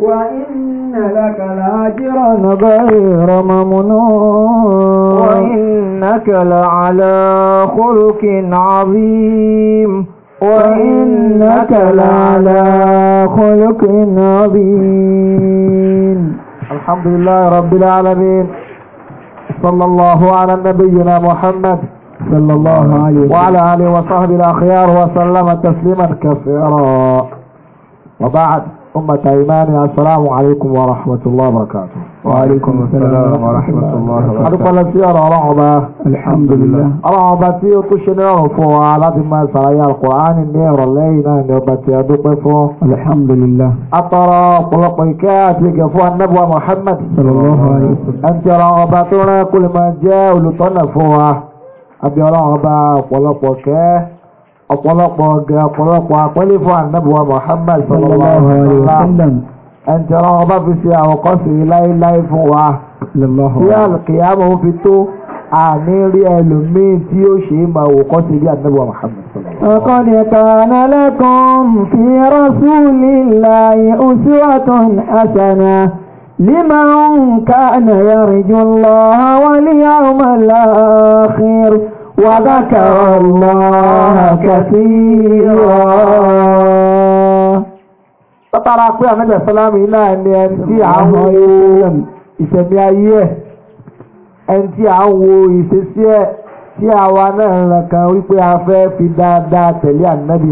وإن لك لأجرا غير ممنون وإنك لعلى خلق عظيم وإنك لعلى خلق عظيم الحمد لله رب العالمين صلى الله على نبينا محمد صلى الله عليه وسلم وعلى آله وصحبه الأخيار وسلم تسليما كثيرا وبعد أمة إيمان السلام عليكم ورحمة الله وبركاته وعليكم السلام ورحمة الله وبركاته أدوك الله سيارة رعبة الحمد لله رعبة تيو تشني فو على ما سرايا القرآن النير اللينا نوبة أدوك الحمد لله أطرى قلق ويكات لقفو النبي محمد صلى الله عليه وسلم أنت رعبتنا كل ما جاء ولطنفوها أبي رعبة قلق وكاه ọ̀pọ̀lọpọ̀ ọ̀gẹ̀ ọ̀pọ̀lọpọ̀ àpẹẹlẹ fún ànábùwà Muhammad sallallahu alaihi wasallam ẹ̀ǹtẹ̀ ọ̀rọ̀ ọba fi ṣe àwòkọ́ṣe láéláé fún wa tí àlùkìyàmọ̀ ó fi tó àní rí ẹlòmíín tí ó ṣe é máa wò kọ́ṣe وذكر الله كثيرا Látara pé àmẹ́jẹ̀ Sálámì náà ni ẹni tí a ń wo ìṣẹ̀mí ayé ẹ̀, ẹni tí a ń wo ìṣesí ẹ̀ tí àwa náà ń rẹ̀kan wípé a fẹ́ fi dáadáa tẹ̀lé ànábì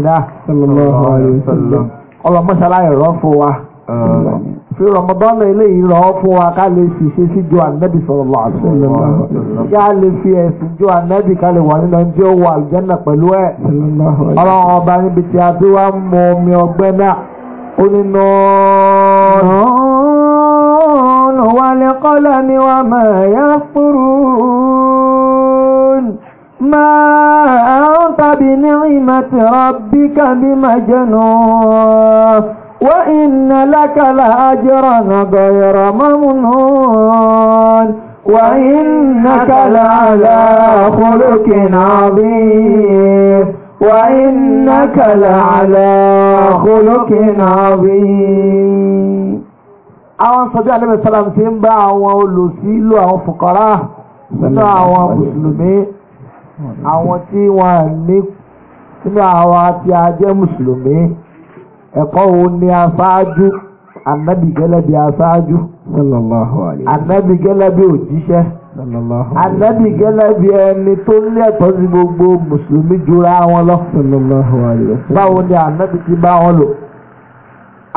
fi rọmọdọ́nà eléyìí rọ̀ ọ́ fún wa ká lè ṣìṣe sí ju ànábì sallallahu alaihi wasallam ká lè fi ẹ̀sìn ju ànábì ká lè wà nínú ẹjẹ́ owó àlùjẹ́nà pẹ̀lú ẹ̀ ọlọ́run ọba níbi tí a ti wá ń mu omi ọgbẹ́ náà ó ní nọ́ọ̀nù. nọ́ọ̀nù wà ní kọ́lá ni wà máa yá fúrú máa ń tàbí ní ìmọ̀ tìrọ̀ bí kábí máa jẹ́ náà. وإن لك لأجرا غير ممنون وإنك لعلى خلق عظيم وإنك لعلى خلق عظيم àwọn sọ́jọ́ alẹ́bẹ̀ sálàm ti ń bá àwọn olùsílò àwọn fòkàrá nínú àwọn mùsùlùmí àwọn tí wọ́n ní nínú àwọn tí a jẹ́ ẹ̀kọ́ òun ni aṣáájú anabi gẹ́lẹ́ bí aṣáájú anabi gẹ́lẹ́ bí anabi gẹ́lẹ́ ẹni tó ní gbogbo mùsùlùmí jura wọn lọ báwo ni anabi ti bá wọn lò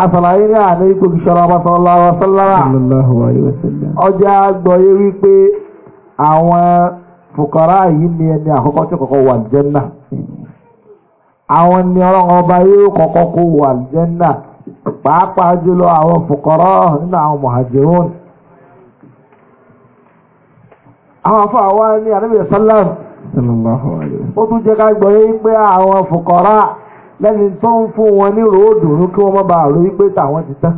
àtàlàyé ní àná ikú ọjà wípé àwọn yìí ni ẹni àkọ́kọ́ tí àwọn ni ọba yóò kọ́kọ́ kó wọ àlùjẹ́nà pàápàá jùlọ àwọn fòkọ́rọ́ nínú afọ ní àdébìyẹ sálàm ó tún jẹ́ ká gbọ́ yé pé àwọn fòkọ́rọ́ wọn ní ròódù ní kí wọ́n má bàa rí pé tàwọn ti tán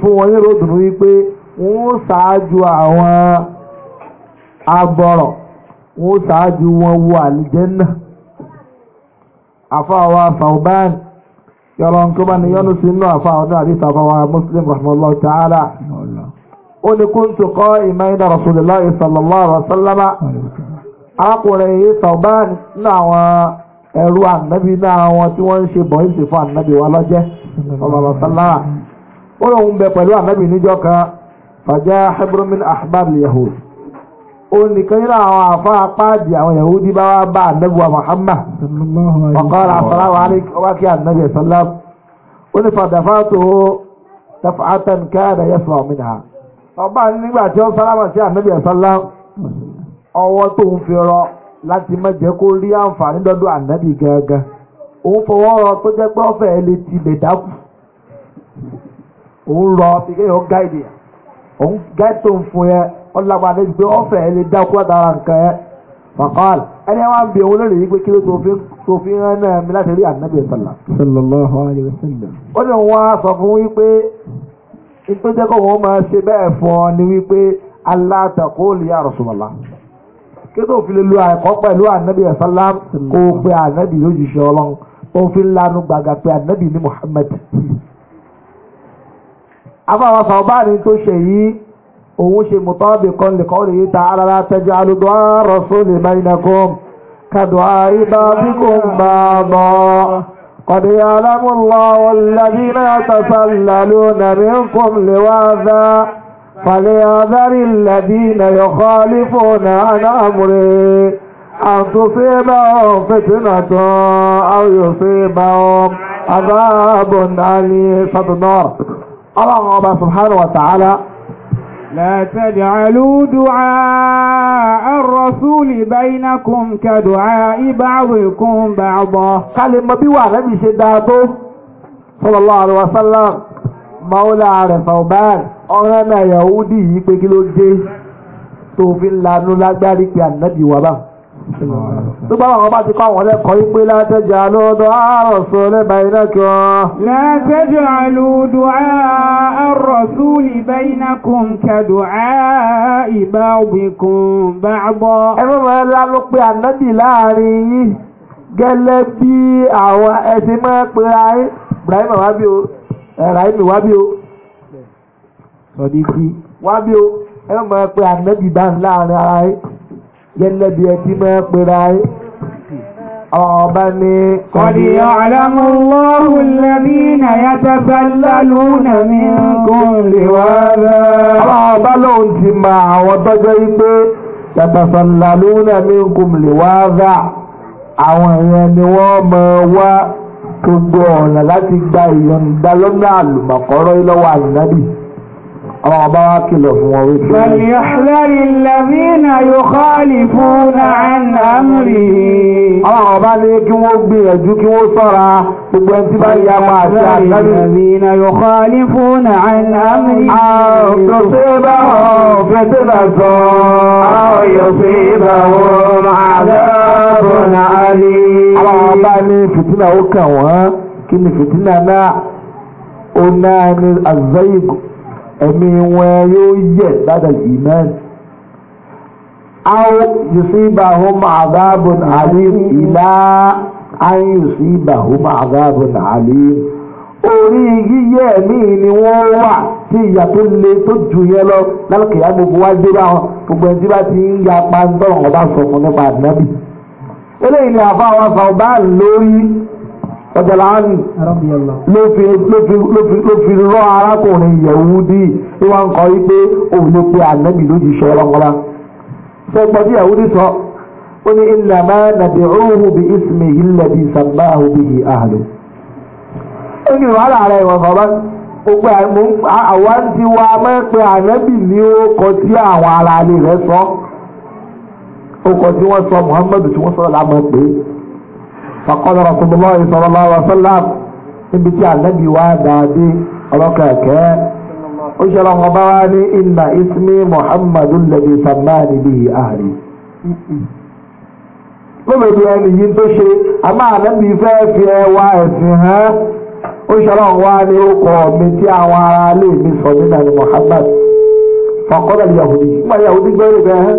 fún wọn ní ròódù ní wípé wọ́n ṣáájú àwọn agbọ̀rọ̀ àfáàwà Thawban yọlọ́n kó bá ní yọ́nú sí inú àfáàwà náà àti àfáàwà Muslim rahmanullah ta'ala ó ní kuntu qa'iman inda Rasulullah sallallahu alaihi wa sallama arákùnrin yìí Thawban ní àwọn ẹrú ànábì náà wọn tí wọ́n ń ṣe bọ̀ ìsìn fún ànábì wa lọ́jẹ́ sallallahu alaihi wa sallama bẹ pẹ̀lú ànábì níjọ́ kan fàjá hebron min ahbab yahud onìkan nínú àwọn àfa apáàdì àwọn yahudi bá wá bá ànábùwà muhammad ọ̀kọ́ra àfọláwà wákì ànábì ẹ̀sọ́lá ó ní fàdàfà tó tafàtàn káàdà yẹsùn ọ̀mìnà ọba nígbà tí ó sálámà sí ànábì ẹ̀sọ́lá ọwọ́ tó ń fi rọ láti má jẹ́ kó rí àǹfààní dọ́dọ̀ ànábì gángan òun fọwọ́ rọ tó jẹ́ pé ọ̀fẹ́ ẹ̀ lè ti lè dákù òun rọ bí kéèyàn gáìdì òun gáìdì tó ń fún yẹn ọlọ́pàá ní gbé ọ̀fẹ́ ẹni dákú àtàrà nǹkan ẹ fàkọ́ọ̀lù ẹni wá ń bi òun lónìí pé kí ló tó fi ń rán náà mi láti rí ànábì sọ̀lá. sallallahu alaihi wasallam. ó ní wọn sọ fún wípé ìpínlẹ̀ kọ́ wọn máa ṣe bẹ́ẹ̀ fún ọ ni wípé alátakóòlù ya Rasulullah kí tó fi lè lu àìkọ́ pẹ̀lú ànábì sọ̀lá kó pe ànábì lójúṣe ọlọ́run ó fi ń lanu gbàgà pé ànábì ní Muhammad. afáwọn sọ̀bá ni tó ṣe yìí òun ṣe mutabiqan li qawlihi ta'ala la taj'alu du'a rasuli bainakum ka du'a'i ba'dikum ba'dan قد يعلم الله الذين يتسللون منكم لواذا فليعذر الذين يخالفون عن أمره أن تصيبهم فتنة أو يصيبهم عذاب عليه فضنار الله سبحانه وتعالى لا تجعلوا دعاء الرسول بينكم كدعاء بعضكم بعضا قال ما بيوا نبي شداته صلى الله عليه وسلم مولى رفوبان ọ̀rẹ́ náà yahudi yìí pé kí ló dé tó fi ń lanú lágbárí Nígbà wọn bá ti kọ́ àwọn lẹ́kọ̀ọ́ yí pé látẹ́jà lọ́dọ̀ àrọ̀sọ lẹ́bà iná kí wọ́n. Látẹ́jà lọ́dọ̀ àrọ̀sọ lẹ́bà iná kún kẹ́dọ̀ ìbá òbíkún bá bọ́. Ẹnu máa lá ló pé ànábì láàrin yìí gẹ́lẹ́ bí àwọn ẹ̀sìn máa pe ayé Ibrahim wá Ẹ̀ráìmì wá bí o. Sọ̀dí kí. Wá pe ànábì bá ń láàrin ara yìí gẹ́lẹ́ bí ẹ ti máa pera ẹ. Ọba ni Kọ̀dí àlámú lọ́hùn lẹ́bí náà yàtọ̀ sálálù náà ní kún lè wá rẹ̀. Ọba lóun ti mọ àwọn tọ́jọ́ yìí pé yàtọ̀ sálálù náà ní kún lè wá rẹ̀. Àwọn èèyàn ni wọ́n mọ wá gbogbo ọ̀nà láti gba ìyọ̀ǹda lọ́nà àlùmọ̀kọ́rọ́ lọ́wọ́ àyìnbábì. فليحذر الذين يخالفون عن أمره أعضاء الذين يخالفون عن أمره أو تصيبهم فتنة أو يصيبهم عذاب أليم أعضاء فتنة وكوها كن فتنة ما الزيق ẹ̀mí wọn yóò yẹ̀ gbádà ìmẹ́rin àwọn yusibahum azabun alim ìlà ayé yusibahum azabun alim orí yíyẹ ẹ̀mí ni wọ́n wà tí ìyà tó le tó jù yẹn lọ lálùkìyà gbogbo wá dé báwọn gbogbo ẹni tí bá ti ń ya pàǹtọ́ ọ̀bá sọ fún nípa àdínábì eléyìí ni àfa àwọn àfa ọba lórí ọ̀jọ̀láàánì ló fi rọ arákùnrin yẹ̀wúdí wọ́n ń kọ́ wípé òun ló pe ànábì lójíṣẹ́ ọlọ́kọ́lá sọ́gbọ́n tí yahudi sọ ó ní ilẹ̀ máa òhun bí ismi ilẹ̀ sàmbá òbí yìí àlò ó ní wàhálà wọ̀n gbogbo ti wá máa ń pe ní tí àwọn rẹ̀ sọ tí wọ́n sọ fàkọ́lọ̀ rasulullah sallallahu alaihi wasallam níbi tí ànábì wá dàbí ọlọ́kẹ̀kẹ́ ó ṣẹlẹ̀ wọn bá wá ní inna ismi muhammadu alladhi sammani bihi ahli lóbèdè ẹni yìí tó ṣe àmọ́ ànábì fẹ́ fi ẹwà ẹ̀sìn hàn ó ṣẹlẹ̀ wọn wá ní orúkọ mi tí àwọn ará ilé mi sọ nínà ní muhammad fàkọ́lọ̀ yahudi nígbà yahudi gbẹ́rù bẹ́ẹ̀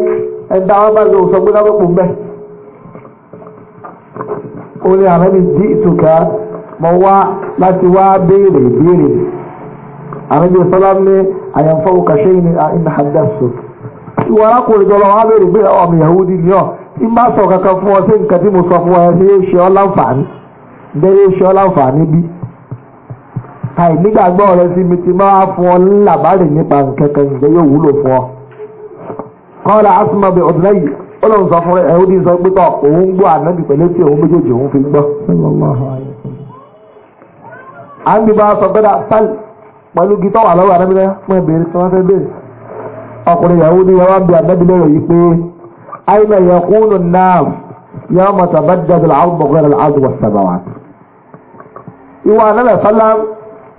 ẹ̀dá wọn bá lọ sọ gbé lábẹ́ mẹ́ onye a ànábì jí ìtùkà mọ wá láti wá béèrè béèrè ànábì sọlá ní àyànfọ́ òkàṣẹ́ arákùnrin jọlọ wá béèrè yahudi ni ọ tí n bá sọ kankan fún ọ sí nǹkan tí mo sọ fún ọ ṣe é ṣe ọ láǹfààní bẹ́ẹ̀ ṣe ọ láǹfààní bí àìnígbàgbọ́ rẹ sí mi ti máa fún ọ lábàárẹ̀ nípa nǹkan kan ìgbẹ́ yóò wúlò fún ọ. kọ́lá ó lóun sọ fún ẹ ó ní sọ pé tọ òun ń gbọ́ ànábì pẹ̀lú tí òun méjèèjì òun fi gbọ́. à ń gbìbọn sọ pé pẹ́l pẹ̀lú gitọ́ wà lọ́wọ́ ànábì náà fún ẹ̀bẹ̀rẹ̀ tí wọ́n fẹ́ bèrè. ọkùnrin yahoo ni wọ́n bí ànábì lọ́rọ̀ yìí pé àìmọ̀ yẹ̀kúnnù náà yàrá mọ̀tàbájáde làwọn bọ̀gọ́rẹ̀ làwọn wà sábàwà. ìwà ànábì sálámù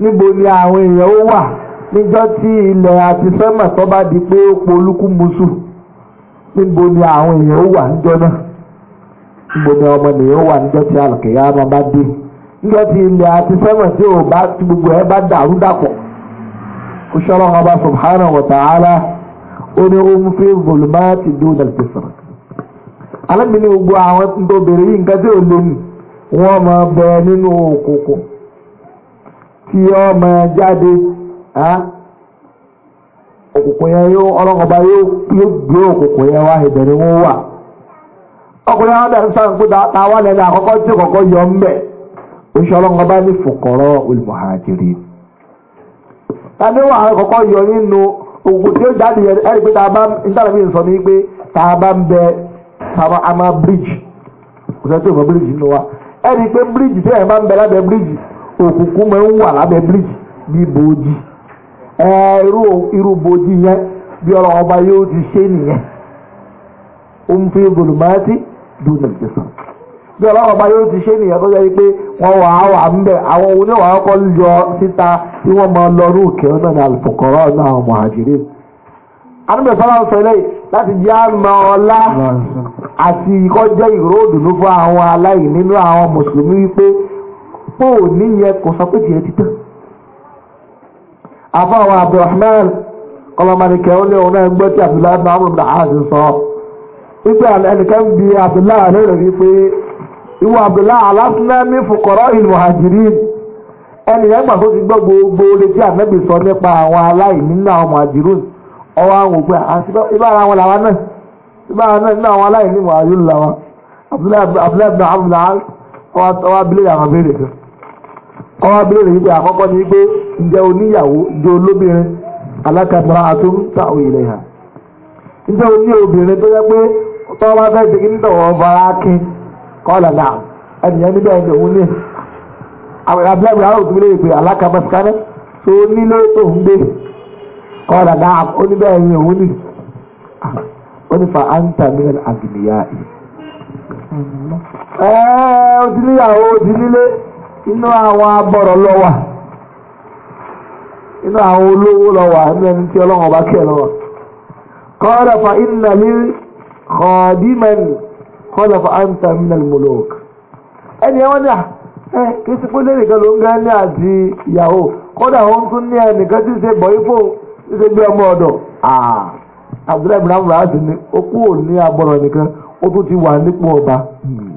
níbo ni àwọn èèyàn ó wà níjọ́ tí ilẹ̀ àti sẹ́mà tó bá di pé ó polúkú musu níbo ni àwọn èèyàn ó wà níjọ́ náà níbo ni ọmọ ènìyàn ó wà níjọ́ tí àlùkìyà máa bá dé níjọ́ tí ilẹ̀ àti sẹ́wọ̀n tí ò bá gbogbo ẹ̀ bá dàrú dàpọ̀ o ọba subhanahu wa ta'ala ó ní ó ń fi volumati dúdà pèsèrè alábìíní gbogbo àwọn tó bèrè yìí nǹkan tí ò lè mú òkùnkùn yẹn yóò ọlọ́kọ̀ọ́ba yóò gbé òkùnkùn yẹn wá ìbẹ̀rẹ̀ wọn wà ọkùnrin àwọn bẹ̀rẹ̀ sáà wà lẹ́nu àkọ́kọ́ tí yọ oṣù ní fòkọ̀rọ̀ olùmọ̀hàjìrì tàbí yọ nínú òkùnkùn tí ó jáde yẹn pé tàbá ìtàlẹ́ mi sọ pé tàbá ń bẹ tàbá àmà bíríjì kò bíríjì nínú wa ẹ̀rú irú bòdì yẹn bí ọba yóò ti ṣe nìyẹn ó ń fi bòlùmọ́tì dùn ìjọsìn bí ọba yóò ti ṣe nìyẹn tó yẹ pé wọ́n wà á wà ń bẹ̀ àwọn oníwàá kọ́ síta tí wọ́n máa lọ òkè ní alùpùpùkọ́rọ́ ọmọ àjèrè anúbẹ̀ sọ́lá ń láti jẹ́ àmà ọlá àti ìkọ́jẹ́ ìró òdùnú fún àwọn aláìní nínú àwọn mùsùlùmí wípé pò níyẹn afáwọn abdulrahman kọlọmọdékẹ tí abdullahi sọ bi abdullahi abdullahi fukọrọ ti gbọ́ gbogbo sọ nípa àwọn aláìní nínú àwọn muhajirun ọwọ́ àwọn òpin àti ibára wọn làwọn náà ibára náà nínú àwọn aláìní muhajirun làwọn abdullahi ibn amr ọwọ́ abilé kọ́ wá béèrè àkọ́kọ́ ni wípé ǹjẹ́ oníyàwó jẹ́ olóbìnrin alákàtúrà àtún ta òyìnbó yà ǹjẹ́ oní obìnrin tó yẹ pé tọ́wọ́ na fẹ́ ṣèkí nítorí wọn fara kín kọ́ làlá ẹnìyẹn níbẹ̀ ẹni òun ní abúlé àwọn òtún tó nílé tó ń gbé oníbẹ̀ òun ní onífà o níyàwó o nílé. inú àwọn abọ̀rọ̀ lọ́wà inú àwọn olówó lọ́wà inú ẹni tí ọlọ́run ọba kẹ́ lọ́wà kọ́ọ̀dà iná ní áńtà minal muluk ẹni ẹwọ́n ní ẹ kí sí pé lẹ́yìn ló ń gẹ́ ní àti ìyàwó kọ́dà ó ń tún ní ẹnìkan tí ń ṣe fò ń ṣe gbé ọmọ ọ̀dọ̀ ní nìkan ọba. Hmm.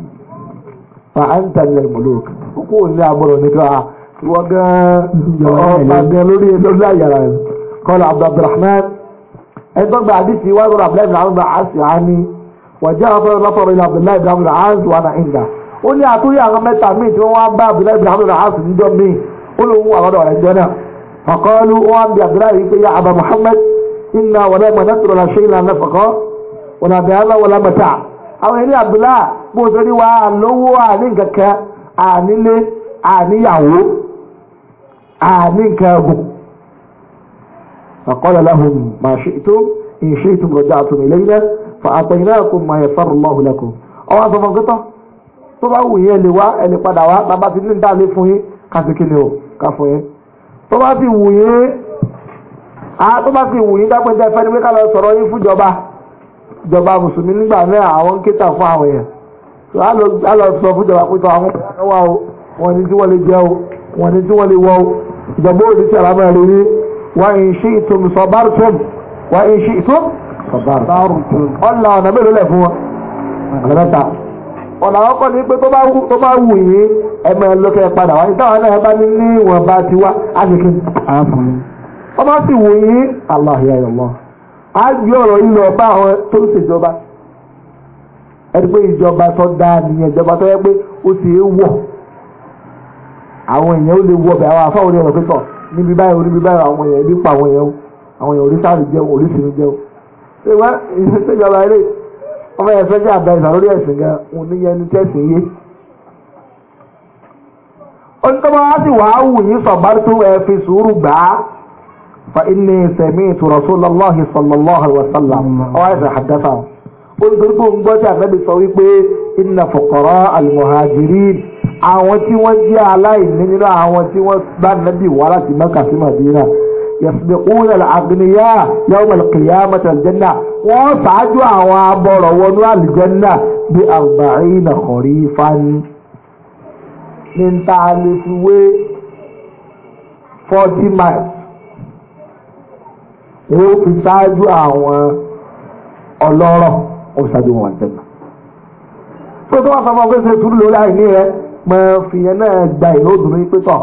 fa á ń tẹ̀lé mọ̀lúk kókó òní àgbọ̀rọ̀ nìkan à wọ́n gan ọba gan lórí lórí àyàrá rẹ̀ kọ́lá abdulrahman ẹgbẹ́ gba àdìsí wà lórí abdullahi bin amr aasi ani wàjẹ́ àwọn fẹ́ràn lọ́fọ̀rọ̀ ilẹ̀ abdullahi bin amr aasi wà náà ìgbà ó ní àtúnyẹ àwọn mẹ́ta míì tí wọ́n wá bá abdullahi bin amr aasi níjọ́ míì ó lóun wà lọ́dọ̀ rẹ̀ jẹ́ náà wọn bí abdullahi yìí pé yá abba muhammad inna wàlẹ́ mọ̀ àwọn ẹni àbúlá bó torí wa lówó àní nǹkan kan ànílé àníyàwó àní nǹkan ẹ̀gùn. فقال لهم ما شئتم إن شئتم رجعتم إلينا فأعطيناكم ما يسر الله لكم أو أنت فقطة tó bá wù yín ẹ lè wá ẹ lè padà wá bàbá ti ní dáàlé fún yín kásìkìlì o ká fún yín tó bá ti wù yín tó bá ti wù yín dápẹ́ńtẹ́ fẹ́ni pé ká lọ sọ̀rọ̀ yín fúnjọba ìjọba mùsùlùmí nígbà náà àwọn ń kéta fún àwọn èèyàn tó á lọ sọ fún ìjọba pípa àwọn ọmọ wa o wọn ni tí wọ́n lè jẹ o wọn ni tí wọ́n lè wọ o ìjọba òde tí àlámà rẹ rí wà ń ṣe ìtum sọbárùtùm wà ń ṣe ìtum sọbárùtùm ọ̀là ọ̀nà mélòó lẹ̀ fún wọn ọ̀nà ọ̀nà àkọ́kọ́ ni pé tó bá wù yín ẹ máa lọ padà wáyé táwọn náà bá ní ní tiwa á sì kí. ọmọ sì wù yín aláhìá yọ̀ mọ́ á gbé ọ̀rọ̀ yìí lọ bá àwọn tó ń ṣèjọba ẹni pé ìjọba tó dáa nìyẹn ìjọba tó yẹ pé ó ti é wọ̀ àwọn èèyàn ó lè wọ bẹ̀ àwọn afáwọn èèyàn pípọ̀ níbi báyìí níbi báyìí àwọn èèyàn ibi pa àwọn èèyàn àwọn èèyàn oríṣàlù jẹun oríṣiríṣi jẹun ṣé wọn ìṣèjọba ilé ọmọ yẹn fẹ́ jẹ́ àbá ìgbà lórí ẹ̀sìn gan òun ní yẹn ní tẹ̀sìn yé onítọ́mọ́ wá sì wàá wù yín sọ̀bárù tó ẹ fi sùúrù gbà فإني سمعت رسول الله صلى الله عليه وسلم أو هذا حدثه قلت لكم بجاء النبي صلى إن فقراء المهاجرين àwọn tí wọ́n jẹ́ aláìní nínú àwọn tí wọ́n bá nàbì wá láti mẹ́kà sí madina yasbiquna al-aghniya yawm al-qiyamati al wọ́n ṣáájú àwọn abọ̀rọ̀ wọnú àlìjẹ́nà bí arba'ina kharifan ní ta lè fi forty miles wọ́n fi ṣáájú àwọn ọlọ́rọ̀ wọ́n ṣáájú wọn àjẹmà tó tó wà fún ọmọ pèsè sùúrù lórí àìní rẹ mọ fìyẹn náà gba ìlú òdùnú yìí pé tọ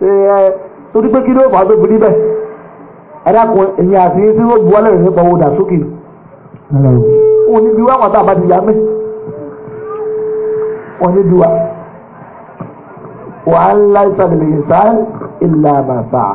ṣe ẹ torí pé kí ló fà á tó fi níbẹ̀ ẹ dákun ẹ̀yìn àti yín tí wọ́n bu wọlé rẹ̀ nípa owó dà sókè òun níbi wá àwọn àtàbà ti yá mẹ́ wọ́n ní duwa wàhálà ìsàlẹ̀ ìsàlẹ̀ ìlànà sáà.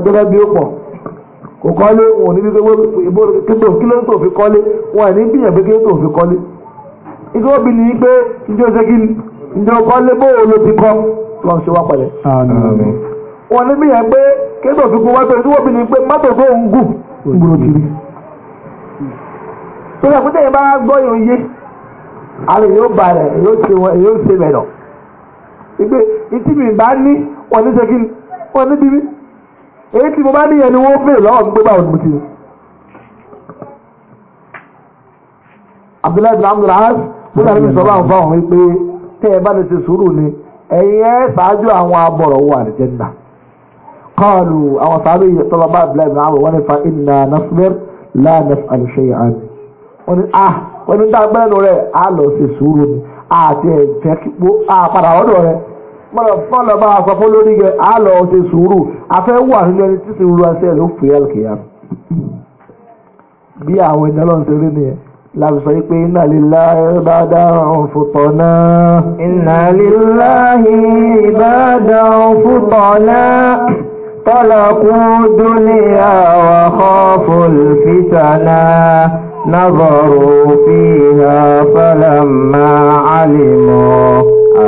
gẹ́gẹ́ bí ó pọ̀ kò kọ́lé wọn ní wípé ìbò kíkó kí ló ń tò fi kọ́lé wọn ní gbìyànjú kí ló ń tò fi kọ́lé ikú òbí ni pé njó ṣe kí njó kọ́lé bóò ló ti kọ́ lọ́n ṣe wá pẹ̀lẹ́. wọn ní gbìyànjú pé kí ló fi kú wá pẹ̀lú ìwọ́bí ni pé mọ́tò tó ń gùn ń gbòòrò tó yẹ kó tẹ̀yìn bá gbọ́ yòó yé àlè yóò bà rẹ̀ yóò ṣe mẹ̀rọ̀ ìgbé ìtì bá ní wọn ní ṣe wọn ní bíbí. èyí tí mo bá níyẹn ni wọ́n fèrè lọ́wọ́ gbogbo àwọn Abdullahi bin Abdul Aziz bóyá ní sọ bá ń fáwọn wípé tẹ́ ẹ bá lè ṣe sùúrù ni ẹ̀yin ẹ ṣáájú àwọn abọ̀rọ̀ wà ní jẹ́nà. Kọ́ọ̀lù àwọn yìí bá Abdullahi bin wọ́n ní fa Wọ́n ní ah wọ́n ní rẹ̀ fọlọ bá aṣọ fún lórí yẹn á lọ ṣe sùúrù afẹ́ wà nínú ẹni tí sì ń lu ẹsẹ̀ ló fi ẹ̀lkì yá. bí àwọn ẹ̀dá lọ́n ṣe rí nìyẹn láti sọ pé iná lílá ìbádá òfútọ̀ náà. iná lílá ìbádá òfútọ̀ náà. طلقوا دنيا وخافوا الفتنا نظروا فيها فلما علموا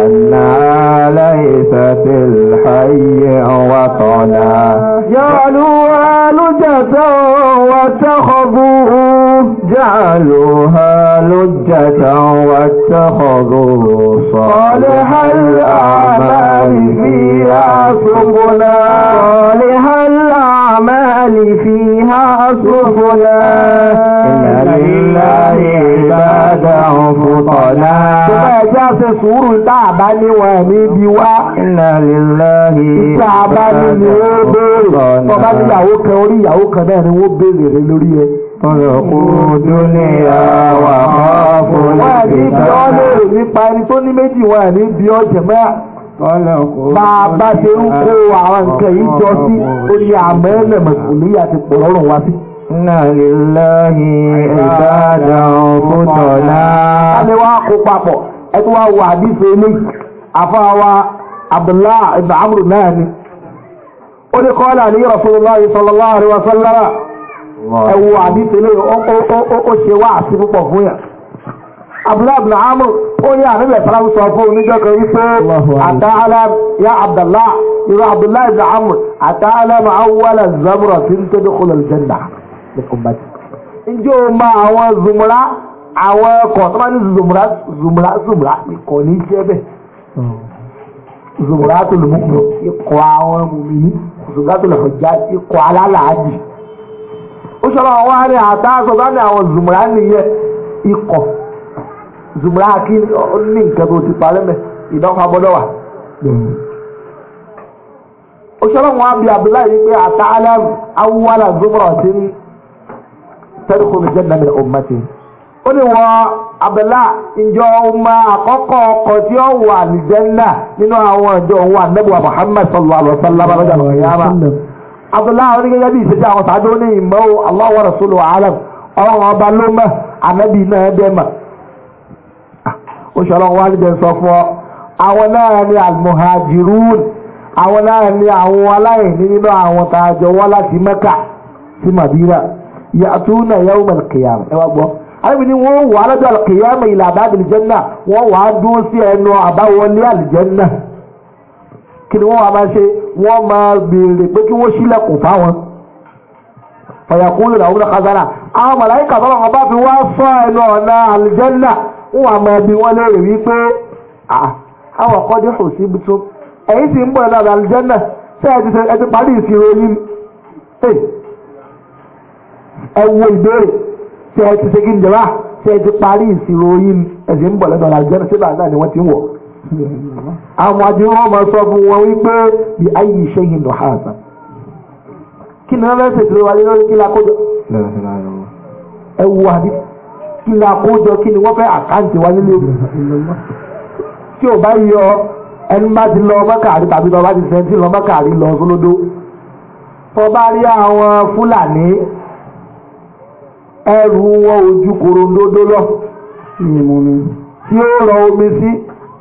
أنها ليست الحي وطنا جعلوها لجة واتخذوه جعلوها لجة واتخذوه صالح الأعمال فيها سبلا صالح الأعمال فيها سبلا إن لله عباده فطنا tó bẹ́ẹ̀ jẹ́ àṣẹ sùúrù bí wá. iná lílá yìí. tá a bá ní ni wọ́n béèrè bọ́bá ní ìyàwó kan orí ìyàwó kan náà ni wọ́n béèrè rẹ lórí ẹ. Ọlọ́kú dúníyà wà á fún ìgbà. Wọ́n á ní bí ọ́ léèrè nípa ẹni tó ní méjì wọn à ní bí ọ́ jẹ̀mọ́ bàbá ṣe ń kó àwọn nǹkan yìí jọ sí orí àmọ́ ẹlẹ́mọ̀sùn ní àti pọ̀ lọ́rùn wá sí. Inna lillahi ìbádàn fún tọ̀lá. Ká lè wá kó papọ̀, ẹ tó wá wo àdífẹ́ eléyìí àfáàwà abdullahi ibn amru náà ni ó ní kọ́lá ní rasulullah sallallahu alaihi wa sallam ẹ̀wù àdìsílẹ̀ ó ṣe wá àti púpọ̀ fún yà abdullahi ibn amru ó ní àníbẹ̀ sáláwù sọ fún oníjọ́ kan wípé àtàlà ya abdullahi irú abdullahi ibn amru àtàlà ma awwala zamura tí ń tẹ́lẹ̀ kọlọ aljanna ní kùmbàtì ǹjẹ́ o ma àwọn zumura àwọn ẹ̀kọ́ tó bá ní zumura zumura zumura kò ní jẹ́ bẹ́ẹ̀ zumratul mu'min ikọ̀ àwọn mùmìnì zumratul hujja ikọ̀ alálàájì ó ṣọlá wọn wá ní àtàkọ bá ní àwọn zumra nìyẹn ikọ̀ zumra kí ní nǹkan tó ti parí mẹ́ ìdánwò abọ́dọ̀ wà. ó ṣọlá wọn bí abdullahi yìí pé àtàlẹ́ awúwálà zumra ti ń tẹ́lifóònù abẹ́là ìjọ ọmọ àkọ́kọ́ ọkọ̀ tí ó wà nìjẹ́nà nínú àwọn ìjọ òun àdẹ́bùwà Muhammad sallallahu alaihi wasallam lọ́jà lọ́wọ́ yára abẹ́là onígẹ́gẹ́ bí ìṣẹ́jà àwọn sàájú ní ìmọ̀ Allahu wa rasuluhu alam ọlọ́run ọba ló mọ̀ ànábì náà dẹ́ mọ̀ ah, ó ṣe ọlọ́run níjẹ́ sọ fún ọ àwọn náà ni almuhajirun àwọn náà ni àwọn aláìní nínú àwọn tààjọ wá láti Mẹ́kà sí Madina yàtúnà yawm al ẹ wá gbọ́ àyẹ̀wò ni wọ́n wà lọ́jọ́ àlùkìyàmọ̀ ìlà àbá àbìlìjẹ́nà wọ́n wà á dún sí ẹnu àbáwọlé àlìjẹ́nà kí ni wọ́n wà máa ṣe wọ́n máa béèrè pé kí wọ́n ṣílẹ̀kùn fáwọn fàyàkúlù làwọn ọmọdé kazara àwọn màláìkà tọ́lọ́ wọn bá fi wá sọ ẹnu ọ̀nà àlìjẹ́nà wọ́n wà máa bi wọ́n léèrè wípé àwọn àkọ́dé kò sí ibi tó ẹ̀yìn sì ń bọ̀ ẹ̀dá àlìjẹ́nà ṣé ti parí ìṣirò yín ẹ wo ìbéèrè ṣe ẹ ti ṣe kí n jẹba ṣe ẹ ti parí ìṣirò yín ẹ̀sìn ń bọ̀ lẹ́nu ọ̀la àlùjẹ́ ṣé bàtà ni wọ́n ti ń wọ̀. àwọn àdìrún wọn máa sọ fún wọn wípé bí ayé iṣẹ́ yìí lọ ha àṣà kí ni wọ́n fẹ́ ṣètò ìwádìí lórí kí la kójọ. ẹ wo àdí kí la kójọ kí ni wọ́n fẹ́ àkáǹtì wáyé lórí. tí ò bá yọ ẹni bá ti lọ mọ́kàrí tàbí lọ bá ti sẹ́ńtì lọ mọ́kàrí lọ sólódó. tọ́ ẹrù wọn ojú korondodo lọ tí ó rọ omi sí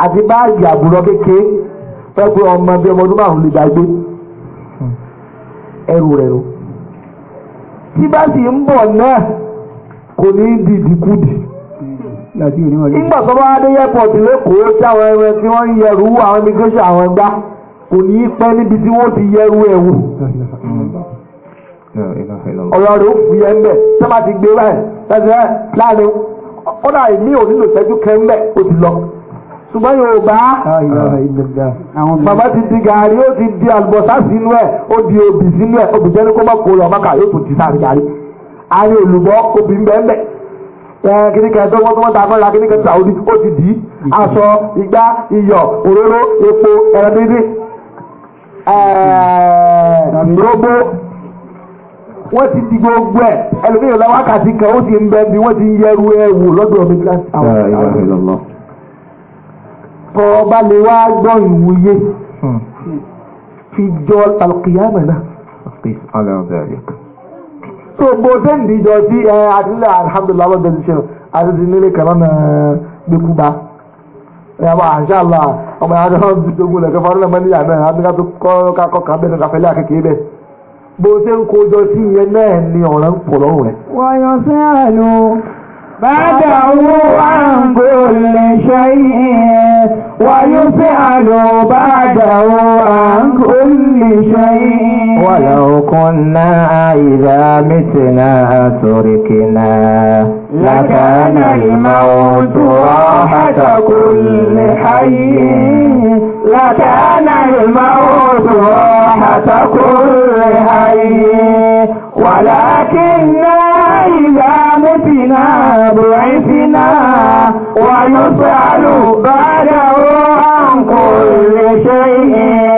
àti báàgì àbúrò kékeré fẹ́ ọmọ bí ọmọ ọdún márùn-ún lè dàgbé ẹrù rẹ̀ tí bá sì ń bọ̀ náà kò ní dìdìkudì nígbà tó bá dé airport lẹ́kọ̀ọ́ tí àwọn tí wọ́n ń yẹrù àwọn immigration ọ̀rọ̀ rẹ̀ ó fúyẹ́ ń bẹ̀ ṣé má ti gbé báyìí ṣẹ́ṣẹ́ láàrin ọ̀dà èmi ò nílò ìṣẹ́jú kẹ́ ń bẹ̀ ó ti lọ ṣùgbọ́n yorùbá bàbá ti di gàrí ó ti di àlùbọ́sà sínú ẹ̀ ó di obì sínú ẹ̀ obì jẹ́ni kó má kó lọ mọ́kà yóò tún ti sáré gàrí àárín olùbọ́ obì ń bẹ́ẹ̀ bẹ́ẹ̀ kìnnìkan tó wọ́n tó wọ́n ta fún la kìnnìkan tó àwọn ó ti dì í aṣọ ìgbà iyọ̀ òróró epo ẹ̀rọ dídí róbó wọ́n ti di gbogbo ẹ̀ ẹlòmíràn lọ wákàtí kan ó ti ń bẹ bí wọ́n ti ń yẹru ẹ̀wù lọ́dọ̀ mi glass house. tọ́ ọba lè wá gbọ́ ìwúye hmm. fi jọ alùkìyàmẹ̀ náà. so bó ṣe ń dìjọ sí ẹ àtìlẹ alhamdulilayi ọlọ́dọ̀ ti ṣe àti ti nílé kan náà gbẹkúba yàrá àṣà àlà ọmọ yàrá tó ń dogun lẹ̀kẹ́ fún ọdún náà mọ́ níyàmẹ́ àbíká tó kọ́ kákọ́ kábẹ́ẹ̀ náà káfẹ́lẹ́ àkékèé bẹ́ẹ̀ bó ṣe ń kójọ sí ìyẹn náà ni ọ̀ràn ń pọ̀ lọ́rùn rẹ̀. wọ́yọ̀ sí àlò bàdà owó àǹgó lè ṣe é wọ́yọ̀ sí àlò bàdà owó. كنا إذا متنا تركنا لكان الموت راحة كل حي لكان الموت راحة كل حي ولكننا إذا متنا بعثنا ويسأل بعده عن كل شيء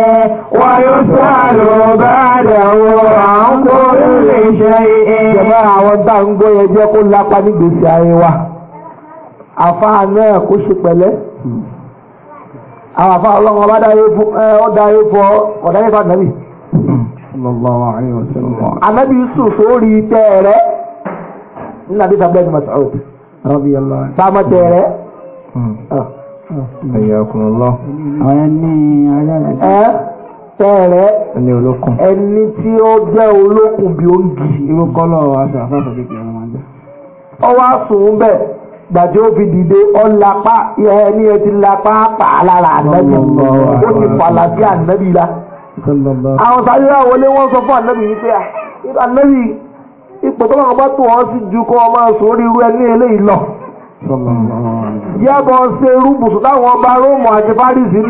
ويسأل بعده عن كل شيء àwọn tá ń gbọ́ yẹn nígbèsè fọ tẹ́ẹ̀rẹ́ nínú masoud tẹ́ẹ̀rẹ́. ẹ̀yà ọkùnrin lọ. àwọn ẹni àti. tẹ́rẹ̀ ẹni olókùn ẹni tí ó jẹ́ olókun bí oúnjẹ irú kọ́lọ̀ aṣọ àfáàfẹ́ kékeré ọmọ ẹgbẹ́ ọwọ́ àsùnwọ̀n bẹ́ẹ̀ gbàtí ó fi dìde ọlápá ẹni ẹ ti ó ti sí ànábì la wọn sọ fún ànábì yìí pé ah, ànábì ipò tó máa bá sí ju kó máa irú ẹni eléyìí ọba àti fáríìsì ń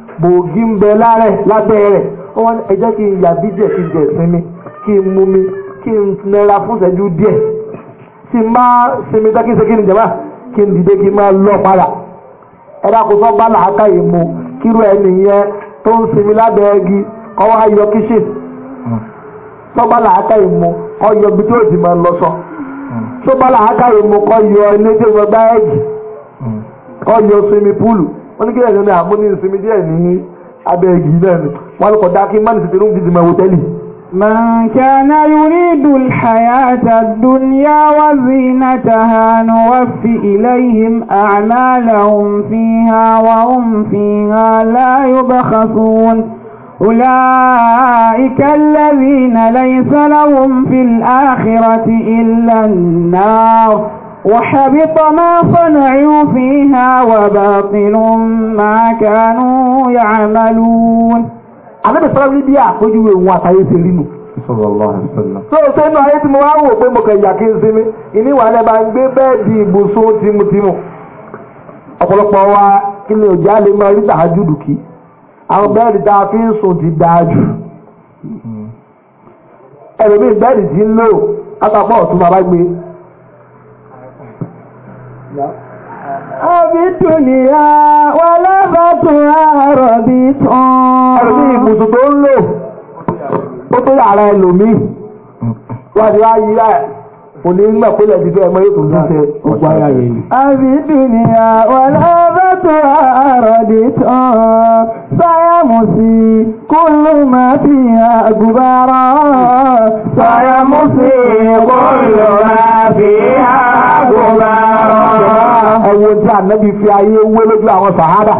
gbòógì ń bẹ lárẹ̀ lábẹ́ rẹ̀ ó wá ní ẹ jẹ́ kí n yà kí n jẹ kí n mú mi kí n nira fún ìṣẹ́jú díẹ̀ kí n má sinmi kí n dìde kí làákà yìí mu ẹni tó ń sinmi lábẹ́ igi yọ kíṣìn sọ́gbà làákà yìí mu kọ́ yọ tí máa lọ wọ́n ní kí ẹ̀yọ́ ní àmúni ìsinmi díẹ̀ ní abẹ́ igi náà ni ki ni lọ́kọ̀ dá kí mánì won ko rúm títí mọ̀ wòtẹ́lì. من كان يريد الحياة الدنيا وزينتها نوف إليهم أعمالهم فيها وهم فيها لا يبخسون أولئك الذين ليس لهم في الآخرة إلا النار وحبط ما صنعوا فيها وباطل ما كانوا يعملون Ànábì sọ́rọ̀ ní bí àpójúwé wọn àtàyé sí rínú. Sallallahu alaihi wasallam. Tó ṣe inú ayé tí mo wá wò pé mo kàn yà kí n sinmi, ìní wà lẹ́bàá ń gbé bẹ́ẹ̀dì ibùsùn tìmùtìmù. Ọ̀pọ̀lọpọ̀ wa Àbítùlìyà wà lábàtò àrọ̀bí tán. Ẹlòmí ìbùsùn tó ń lò, ó tó yàrá ẹlòmí. Wọ́n ti wá yí ẹ̀ kò ní ń gbà pé lẹ́bi bẹ́ẹ̀ mọ́ yóò tún ṣe ọgbà ayà rẹ̀ ni. wà lábàtò. فيها رديتا سيمسي كل ما فيها غبارا سيمسي كل ما فيها غبارا ẹwọ tí ànábì fi ayé wé lójú àwọn sàhádà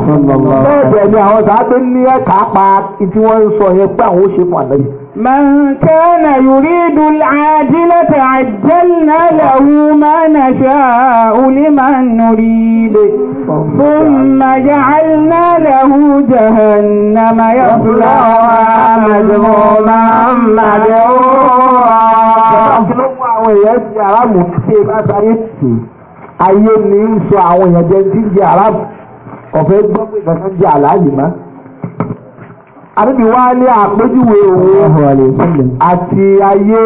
bẹ́ẹ̀ bẹ́ẹ̀ ni àwọn sàhádà ní ẹ̀ka pa tí wọ́n ń sọ yẹn pé àwọn ó ṣe fún ànábì. من كان يريد العاجلة عجلنا له ما نشاء لمن نريد ثم جعلنا له جهنم يصلعها مذموما مدعورا àwọn ayé ni ń sọ àwọn èèyàn jẹ ti ń jẹ aráàmù ọ̀fẹ́ gbọ́ pé ìgbà jẹ àlàálì má. àbíbi wá ní àpéjúwe òun àti ayé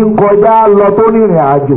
ń kọjá lọ tó rìnrìn àjò.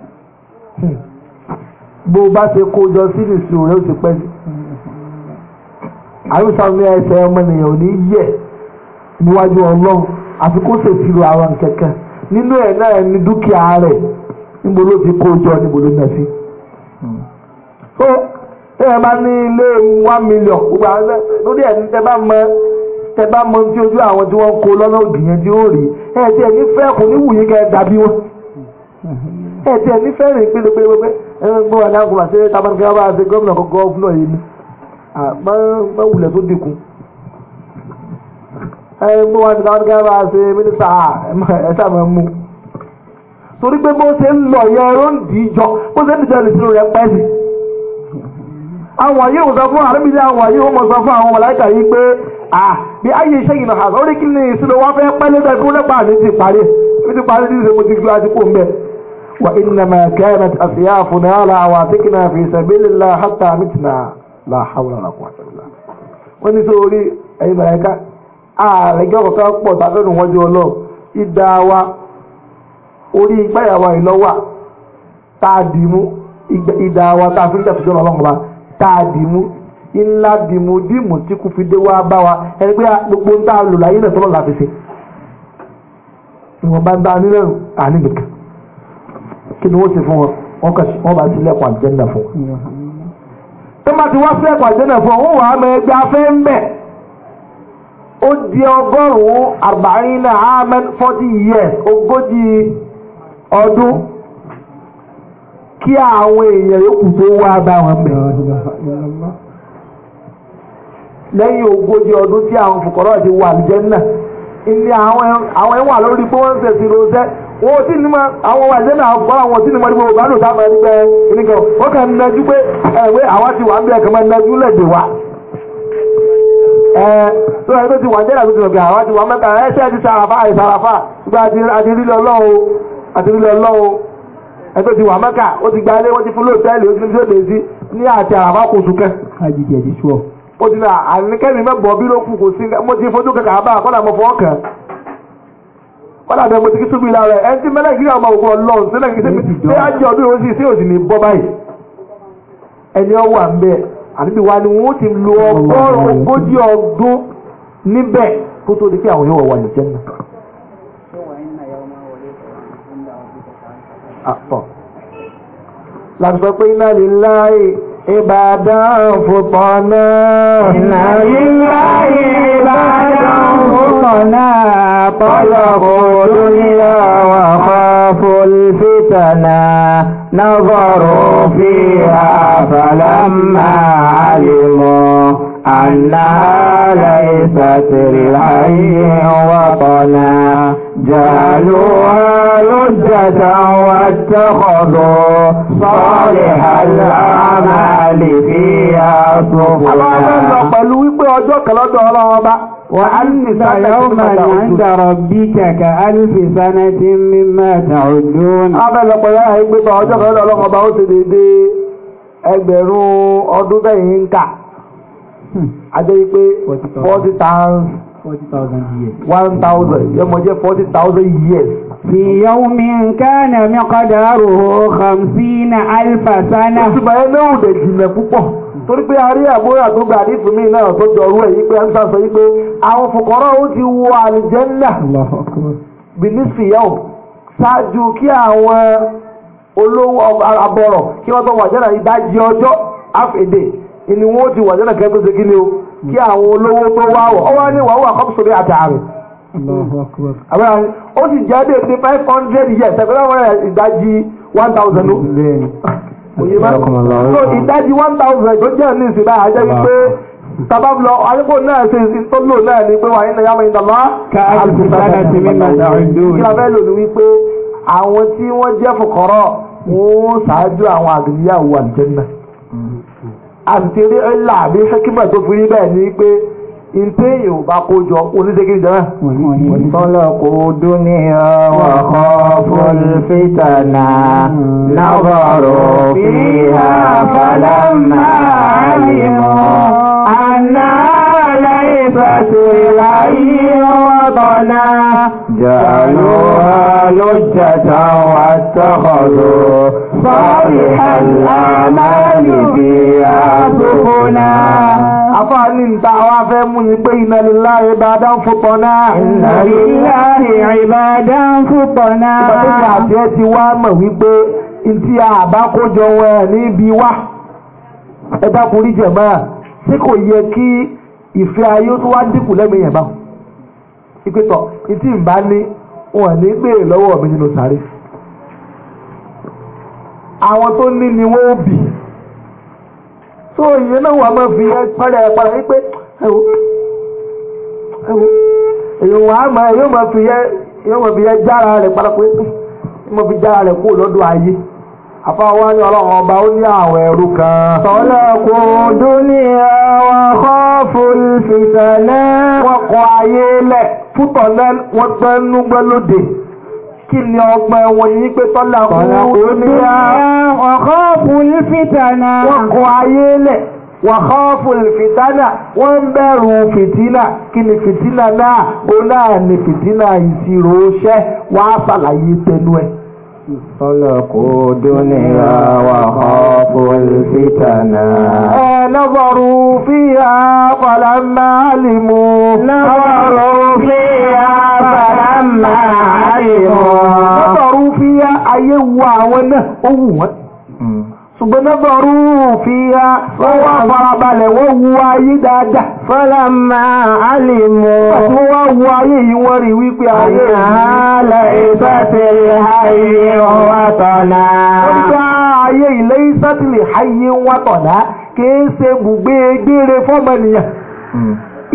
bó bá ṣe kó jọ sí ìṣòro rẹ ti pẹ́ sí. àrùsàmì ẹsẹ̀ ọmọnìyàn ò ní níwájú ọlọ́run kó nínú ẹ̀ náà ní dúkìá rẹ̀ níbo ló ti kó jọ níbo ló ó ṣé ẹ bá ní ilé one million gbogbo àwọn lórí ẹ̀ ní tẹ bá mọ tẹ bá mọ tí ojú àwọn tí wọ́n kó lọ́nà òdì yẹn tí ó rí ẹ̀ tí ẹ̀ ní fẹ́ kò ní wù yín kẹ́ dàbí wọn. ẹ̀tì ẹ̀ ní fẹ́ràn ìpele pépépé ẹ̀rọ gbọ́ wà láàkó àti tabanikẹ́ bá ṣe gómìnà kọ́kọ́ fúnà yìí ni máa wulẹ̀ tó dínkù ẹ̀rọ gbọ́ wà ní tabanikẹ́ bá ṣe mínísítà ẹ̀ṣà máa mú torí pé bó ṣe ń lọ yẹ ẹ̀rọ ń dìjọ bó ṣe ń dìjọ lè sinú rẹ̀ pẹ́ sí àwọn yìí ò sọ fún àrẹ́bìlì àwọn yìí ó mọ̀ sọ fún àwọn mọ̀láìkà yìí pé ah bí ayé iṣẹ́ yìí náà orí kí ni ìsinmi wọn fẹ́ pẹ́ lẹ́gbẹ̀ẹ́ kí wọ́n lẹ́pàá mi ti parí mi ti parí ní ìṣe mo ti gbé àti kò ń bẹ́ẹ̀. وإنما كانت أسيافنا على عواتقنا في سبيل الله حتى متنا لا حول ولا قوة إلا بالله wọ́n ní sórí ẹ̀yin mẹ̀lẹ́ká ààrẹ gẹ́gọ̀ kan pọ̀ tábẹ́nu wọ́n jẹ́ ọlọ́run ìdá wa orí ìgbáyàwó ìlọ́wà tá a ìdá wa tá a fi ń tẹ̀sí sọ́nà ọlọ́run wa tá ńlá dìmú dìmú tí kò fi dé wá bá wa ẹni pé gbogbo ń tá lò láyé náà tọ́lọ́ làfi ṣe ìwọ̀nba ń bá a nílẹ̀ àníbìkan kí ni wọ́n ṣe fún wọn wọ́n kà wọ́n bá sílẹ̀kùn àjẹ́nà fún wọn. tó bá ti wá sílẹ̀kùn àjẹ́nà fún wọn wà á mọ ẹgbẹ́ afẹ́ ń bẹ̀ ó di ọgọ́rùn-ún àbáyínà amen forty years ogójì ọdún kí àwọn èèyàn yòókù tó wá bá wọn bẹ̀ lẹ́yìn ogójì ọdún tí àwọn fòkọ́rọ́ ti wà àjẹ́nà ilé àwọn ẹ̀wà lórí pé wọ́n ń tẹ̀sí lóṣẹ́ wọn ò tí ní ma àwọn ọmọ àjẹ́ náà àwọn tí ní ma ní gbogbo àdó sáà máa ní gbẹ́ oníkan wọ́n kàn ń nájú pé ẹ̀wé àwa ti wà ń bẹ̀rẹ̀ kàn máa nájú lẹ́dẹ̀ wa. ẹ tó ẹ tó ti wà ń jẹ́rà tó ti lọ̀gẹ̀ àwa ti wà mẹ́ta ẹ ti sàràfà padà bẹ mọtí kíkú bíi lára ẹ ti mẹlẹ kí àwọn ọmọ Ọlọ́run sílẹ̀ kí sẹbi ṣé àjẹ ọdún yìí sí òsì ní bọ báyìí ẹni ọwọ à ń àdúgbò wa ni wọn ti lo ọgọ́rùn ogójì ọdún níbẹ̀ kó tó di pé àwọn yóò wà ní jẹ náà. láti sọ pé iná lè láàyè ìbàdàn fòpọ̀ náà. iná lè láàyè ìbàdàn. ربنا طلبوا دنيا وخافوا الفتنا نظروا فيها فلما علموا أنها ليست للحي وطنا جعلوها لجة واتخذوا صالح الأعمال فيها سبلا. الله أكبر pẹ̀lú wípé وألف يوما عند ربك كألف سنة مما تعدون abẹ́lẹ̀pọ̀ yára yìí pípa ọjọ́ kan lọ́dọ̀ ọlọ́kọ̀ọ́ba ó ti dédé ẹgbẹ̀rún ọdún bẹ́yìn ń kà adé yìí pé forty thousand one thousand yọmọ jẹ́ forty thousand years. في يوم كان مقداره خمسين ألف سنة. oṣù bàyẹ̀ mẹ́wùdẹ̀ jìnnà púpọ̀. torí pé a rí àbúrò àtúgbà náà tó jọ ẹ̀ yí pé ń sá yí pé àwọn fòkọ́rọ́ ó ti wọ àlìjẹ́nà bìnísì ṣáájú kí àwọn olówó abọ̀rọ̀ kí wọ́n tó wà jẹ́nà ìdájí ọjọ́ half ni wọ́n ti wà jẹ́nà o kí àwọn olówó tó wá wọ̀ wá ní wàhùn ó jẹ́ dé ní five hundred years láwọn ìdájí so ìdájí one thousand tó jẹ́ ní ìsìn náà ajẹ́ wípé tababulọ ayépo náà ṣe tó lò náà ni pé wà ní nàyàmọ̀ ìdàlá alùpùpù kí la fẹ́ lò ní wípé àwọn tí wọ́n jẹ́ fòkọ́rọ́ wọ́n ṣáájú àwọn àgbéyàwó àlùjẹ́ náà mm-hmm. àti eré ńlá àbí ṣẹ́kímọ̀ tó fi rí bẹ́ẹ̀ ni pé ìpé èèyàn bá kó jọ oníṣègùn ìjọba. ìfọlọ́kù dúníà wà kọ́ fúlfìtànà nàbọ̀rọ̀ fìhà fàlámà àlìmọ́ àná aláìsàtò ìlàyé ọ̀dọ́nà jàlú àlójàtà wà ní ìta wá fẹ́ mú ní pé inna lillahi ibadan futana. inna lillahi ibadan futana. ìbàdíkà àti ẹ ti wá mọ̀ wípé ntí àbákójọ wọn níbi wá ẹ dákúrí jẹ̀mọ́ tí kò yẹ kí ìfẹ́ ayé tó wá dínkù lẹ́mìí yẹn báwọn. ìpètọ̀ ìtì ń bá ní wọn ní béèrè lọ́wọ́ mi nínú sáré. àwọn tó ní ni wọ́n ó bì tó ìyẹn náà wà máa fi ẹ̀pẹ̀rẹ̀ padà wípé ẹ̀wọ̀ ẹ̀wọ̀ èèyàn wà á máa yóò máa fi yẹ yóò máa fi yẹ jára rẹ̀ padà pé yóò máa fi jára rẹ̀ kú lọ́dọ̀ ayé àfáwọn ní ọlọ́run ọba ó ní àwọn ẹ̀rú kan. tọ́lá kò dúníà wà kọ́ fòlùfìsàlẹ̀. wọ́n kọ ayé lẹ̀ fútọ̀lẹ́ wọ́n gbẹ́núgbẹ́ lóde kí ni ọgbọ́n ẹ̀wọ̀n yìí pé tọ́lá kúrò ní yá. ọ̀kọ́ọ̀fù fìtànà. wọ́n kọ ayé lẹ̀ wàhọ́fù fìtánà wọ́n ń bẹ̀rù fìtínà kí ni fìtínà náà ó náà ni fìtínà ìṣirò ṣẹ́ wá ṣàlàyé tẹnu ẹ̀. lọ́bọ̀rù fi àpàlà máa lè mú. Lọ́bọ̀rù fi àpàlà àlà àìmọ̀. Nọ́bọ̀rú fi yá ayé wo àwọn náà ó wù wọ́n. Ṣùgbọ́n nọ́bọ̀rú fi yá wọ́n wá farabalẹ̀ wọ́n wu ayé dáadáa. Fọ́lámà àlìmọ̀. Àti wọ́n wá wu ayé yìí wọ́n rí wípé ayé yìí. Àlẹ́ ayé wọ́n tọ̀nà. gbùgbé gbére fọ́mọ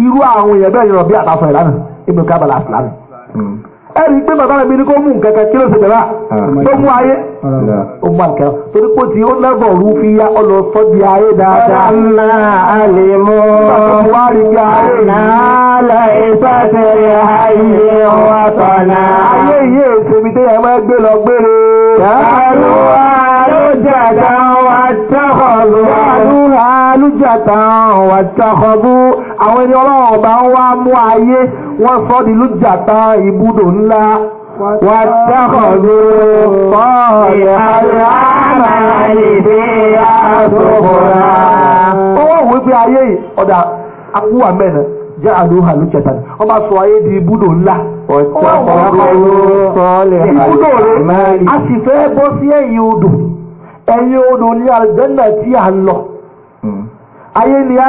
Irú àwọn èèyàn bẹ́ẹ̀ ni rọ̀bí àtàfọ̀ ìlànà, ìgbìmọ̀ kábàlà ẹ̀rí pé bàbá mi ní kó mú nǹkan kan kí ló ṣe bẹ̀rẹ̀ ah. tó mú ayé ó mú àǹkà torí pé tí ó lẹ́bọ̀ rú fi yá ọ sọ di ayé dáadáa. ọ̀nà àlè mọ́ ọ̀nà àlè ìsọ̀tẹ̀rẹ̀ ayé ọ̀tọ̀nà. ayé yìí èsèmí tẹ́yà máa gbé lọ gbére. قالوا آلهة واتخذوا قالوا آلهة واتخذوا àwọn ẹni ọlọ́run ọba ń wá mú ayé wọ́n sọ di lójàta ibùdó ńlá واتخذوا الطاغيان لبيعا صغرا ó wọ́n wípé ayé ọ̀dà akúwà mẹ́rin já àlóhà ló kẹta ni bá sọ ayé di ibùdó ńlá. ọ̀tá ọ̀rọ̀ sọ́ọ̀lẹ̀ ibùdó rẹ̀ a sì fẹ́ bọ́ sí ẹ̀yìn odò ẹ̀yìn odò ní tí a lọ hmm. ayé ni a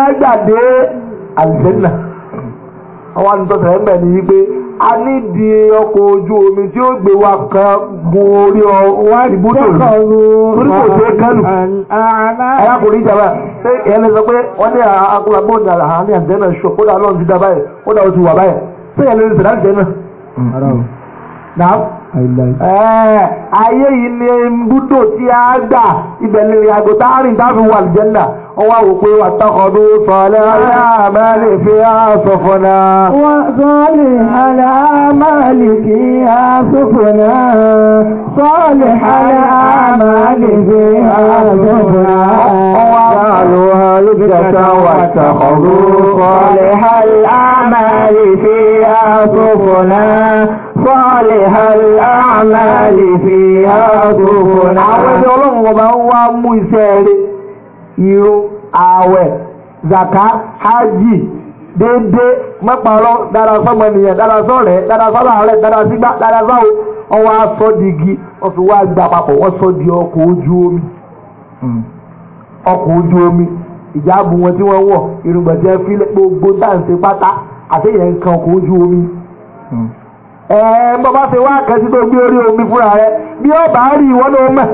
àwọn àdúgbò sọ̀rọ̀ a nídìí ọkọ̀ ojú omi tí ó gbé wa kan gun orí wáìdì bútó ní torí kò ṣe é kánù arákùnrin ìjàmbá ṣé ìyẹn lè sọ pé wọ́n ní akọlàgbọ́ ní àlàhà ní àjẹ́ náà ṣọ kódà ọlọ́run ti dá báyìí ayé yìí ni ibùdó tí a gbà ibẹ̀ lè rìn àgọ́ tá a rìn dáàbò wà lìjẹ́ndà wọ́n wá wò pé wà tọkọ̀dú sọ̀lẹ̀ aláàmàlì fi àṣọ̀fọ̀nà. wọ́n sọ̀lẹ̀ aláàmàlì fi àṣọ̀fọ̀nà. sọ̀lẹ̀ aláàmàlì fi àṣọ̀fọ̀nà. قالوا هلجة واتخذوا صالح الأعمال فيها سفنا àmàlì fi àdúgbò náà. Àwọn ẹni ọlọ́run ọba ń wá mú iṣẹ́ rere, ìrun, ààwẹ̀, zàká, hájì, déédé, mọ́pàárọ́, dára sọ́mọ ènìyàn, dára sọ́rẹ̀, rẹ̀, dára sígbá, dára sáwo. Wọ́n wá di igi, wọ́n fi wá gbà papọ̀, wọ́n sọ́ di ọkọ̀ ojú omi. Hmm. Ọkọ̀ ojú omi, ìjáàbù wọn tí wọ́n wọ̀, irùngbọ̀n tí wọ́n fi gbogbo dáǹsì pátá, àtẹ̀yẹ̀ nǹkan ọkọ̀ ojú omi. Hmm. ẹ̀ẹ́ bọ́ bá wá kẹsí tó orí omi fúnra rẹ bí ó bá rí ìwọ ló mẹ́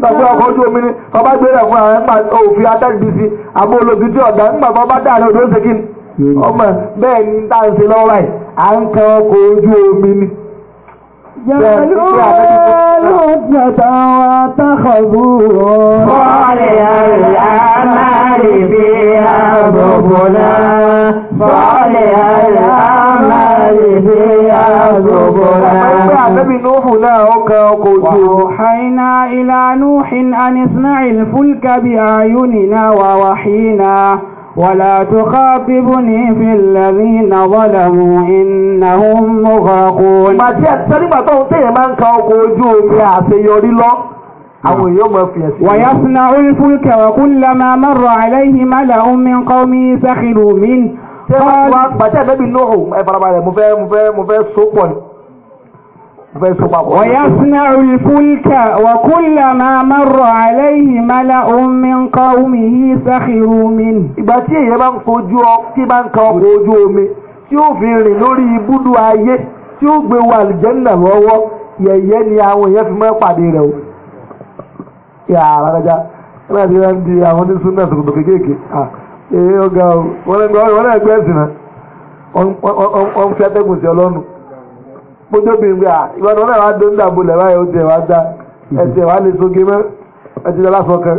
gbàgbé hmm. ọkọ̀ ojú omi ni ọba gbé rẹ̀ fúnra rẹ̀ nígbà òfin atẹ́gbì sí àbó olóbi tí ọ̀dà nígbà tó bá dà odò ó ṣe kí ni hmm. ọmọ bẹ́ẹ̀ ni tá à ń omi جعلوا الفتنة واتخذوا صالح الأعمال فيها ذبلا صالح الأعمال فيها ذبلا وأوحينا إلى نوح أن اصنع الفلك بأعيننا ووحينا ولا تخاطبني في الذين ظلموا إنهم مغرقون ما تي اتسريبا تو تي مان كا اوكو ojú omi àṣeyọrí lọ àwọn èèyàn máa ويصنع الفلك وكلما مر عليه ملأ من قومه سخروا منه. ṣé wàá pàṣẹ ìbẹ́bí lóhùn ẹ farabalẹ̀ mo fẹ́ mo fẹ́ mo fẹ́ sopọ̀ ni. ويصنع الفلك وكلما مر عليه ملأ من قومه سخروا منه ìgbà tí èyàn bá ń kojú ọ tí bá ń ka ọkọ̀ ojú omi tí ó fi rìn lórí ibùdó ayé tí ó gbé wa àlìjẹ́nà lọ́wọ́ yẹ̀yẹ́ ni àwọn èèyàn fi máa ń pàdé rẹ̀ o. yà á rárájá náà ti rán di àwọn ní súnà sòkòtò kéékèèké èyí ó ga o wọ́n náà gbé ẹ̀sìn náà wọ́n ń fi atẹ́gùn sí ọlọ́nu mo tó bìnrin pé à ìwọ́n náà wá dóńdà bolẹ̀ báyìí ó tiẹ̀ wá dá ẹsẹ̀ wá lè sóge mọ́ ẹsẹ̀ lásọ̀kan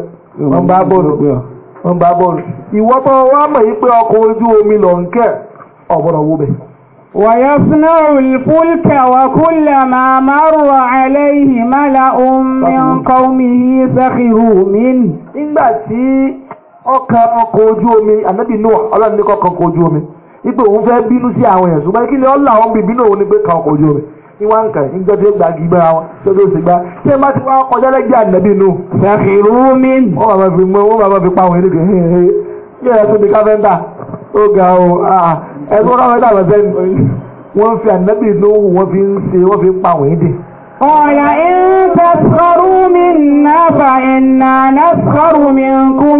wọ́n bá bọ́ọ̀lù wọ́n bá bọ́ọ̀lù ìwọ́ bọ́ wá mọ̀ yí pé ọkọ̀ ojú omi lọ ń kẹ́ ọ̀bọ̀rọ̀ wo bẹ̀. ويصنع الفلك وكلما مر عليه ملأ من قومه سخروا منه nígbà tí ọkọ̀ ojú omi ànábì Nuh ọlọ́run ní kọ́kọ́ ojú omi ipò òun fẹ́ bínú sí àwọn èèyàn ṣùgbọ́n kí ni ọ́ là wọ́n bí bínú òun ni pé kan ọkọ̀ ojú omi ní wọ́n ń kàn ní jọ́ gba gbígbá wọn tó sì gbá tí ẹ ti wá kọjá lẹ́gbẹ̀ẹ́ ànábì nù. ṣàkìrú mi. wọ́n máa fi mọ wọ́n máa fi pa àwọn eléyìí hẹ́ hẹ́ yóò yẹ tóbi káfẹ́ńtà ó ga o ẹ̀sùn káfẹ́ńtà lọ́sẹ̀ wọ́n fi ànábì nù wọ́n fi ń ṣe wọ́n fi ń pa àwọn èdè. قال إن تسخروا منا فإنا نسخر منكم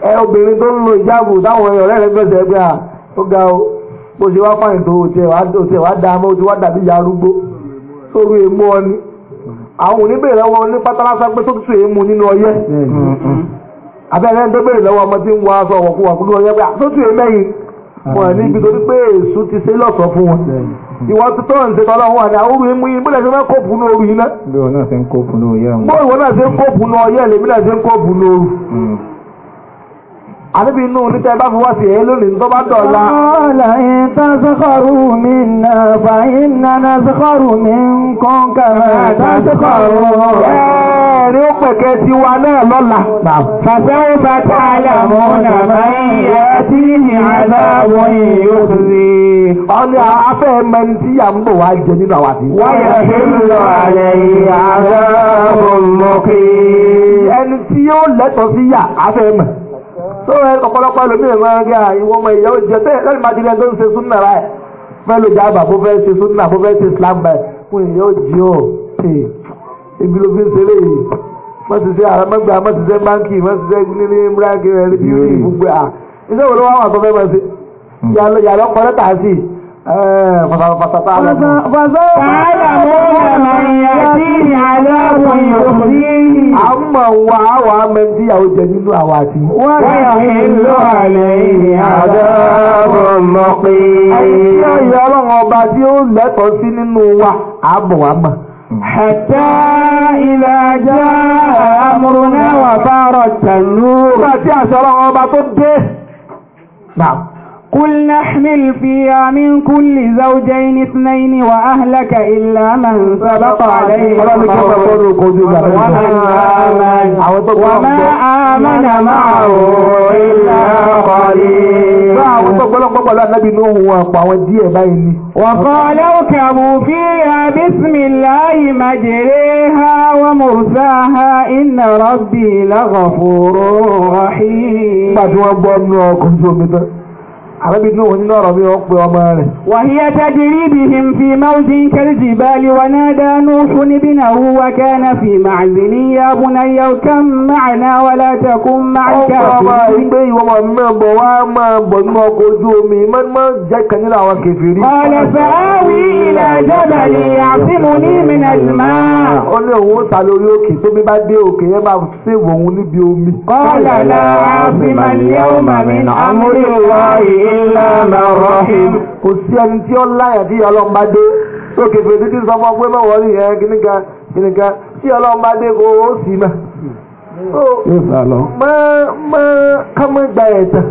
ẹ obìnrin tó ń lo ìjáàbù táwọn ọ̀rẹ́ rẹ̀ fẹsẹ̀ gbé à ó ga o bó ṣe wá fáyìn tó o tiẹ̀ wá da mọ́ o ti wá dàbí ìyá arúgbó sórí èmú ọ ni àwọn oníbèrè lọ́wọ́ ní pátálásá pé sókè èmú nínú ọyẹ́ abẹ́rẹ́ ń dẹ́gbèrè lọ́wọ́ ọmọ tí ń wọ aṣọ ọ̀wọ̀kú wà fún ọyẹ́ pé sókè èmẹ́yìn wọn níbi torí pé èṣù ti ṣe lọ́sọ̀ fún wọn ìwọ ti tọ́ ǹṣe tọ́lọ́ wọn ni àwọn èmú yìí bílẹ̀ ṣe fẹ́ kóòpù ní oru yìí bó ìwọ náà ṣe ń kóòpù ní ọyẹ́ lèmi náà ṣe ń kóòpù ní oru àníbi inú oníta ẹ bá fi wá sí ẹ lónìí tó bá dọ̀la. ọ̀la ìta sọ́kọ̀rù mi nà fà iná na sọ́kọ̀rù mi ń kún kàrà ìta sọ́kọ̀rù. ẹ̀ẹ́dì ó pẹ̀kẹ́ sí wa náà lọ́la. fàṣẹ bàtà àlàmú nàmá ìyá tí ìyàlá wọn yóò fi rí. ọ̀nà afẹ́ mẹni tí yà ń bọ̀ wá jẹ nínú àwọn àti. wáyà ṣe lọ àlẹ́ ìyàlá ọmọkè. ẹni tí yóò lẹ́tọ̀ọ́ sí yà afẹ́ mẹ́ tó ẹ ọ̀pọ̀lọpọ̀ ẹlòmíràn máa ń rí àwọn ọmọ ìyàwó jẹ tẹ́ lẹ́nu máa ti rí ẹni tó ń ṣe súnà islam báyìí fún ìyàwó jí ọ̀ ibi ló fi ń ṣeré yìí wọ́n ti ṣe àrà mẹ́gbà wọ́n ti ṣe báńkì wọ́n ti ṣe nílé mìíràn kí ẹ̀ ní gbogbo à ìṣòwò ló wà Àmà wa àwọn amẹ́bí àwọn jẹ nínú àwọn àti. Wọ́n yà ìlú àlẹ́ ìrìn àdáàbọ̀ mọ́pé. Àìsíyà ìyá ọlọ́run ọba tí ó lẹ́tọ̀ọ́ sí nínú wa, àbọ̀ wa mọ̀. Hatta ila jaa amruna wa farata an-nur. Nígbà tí àṣọ ọlọ́run ọba tó dé. قل نحمل فيها من كل زوجين اثنين وأهلك إلا من سبق عليه وما آمن معه إلا قليل وقال اركبوا فيها بسم الله مجريها ومرساها إن ربي لغفور رحيم àbẹ́bí tí òun nínú ọ̀rọ̀ bí wọ́n pe ọmọ rẹ̀. wàhíyá tajiri bihim fi mawjin kaljibali wa nada nuhu ibnahu wa kana fi ma'zinin ya bunayya kam ma'ana wa la takun ma'al kafirin. ọmọ yìí pé ìwọ máa ń mẹ́bọ̀ wá máa bọ̀ nínú ọkọ̀ ojú omi máa ń jẹ́ kan nínú àwọn kẹfìrí. ọ̀lẹ̀ fàáwì ila jabali ya'simuni min al-ma. ó ní òun ta kò sí ẹni tí ó láyà tí ọlọ́mbà dé lókè fèdè tí sọmọ pé mọ̀ wọ́n nìyẹn kìnìkà kìnìkà tí ọlọ́mbà dé kò ó sì mà. mọ mọ gba ẹ̀tàn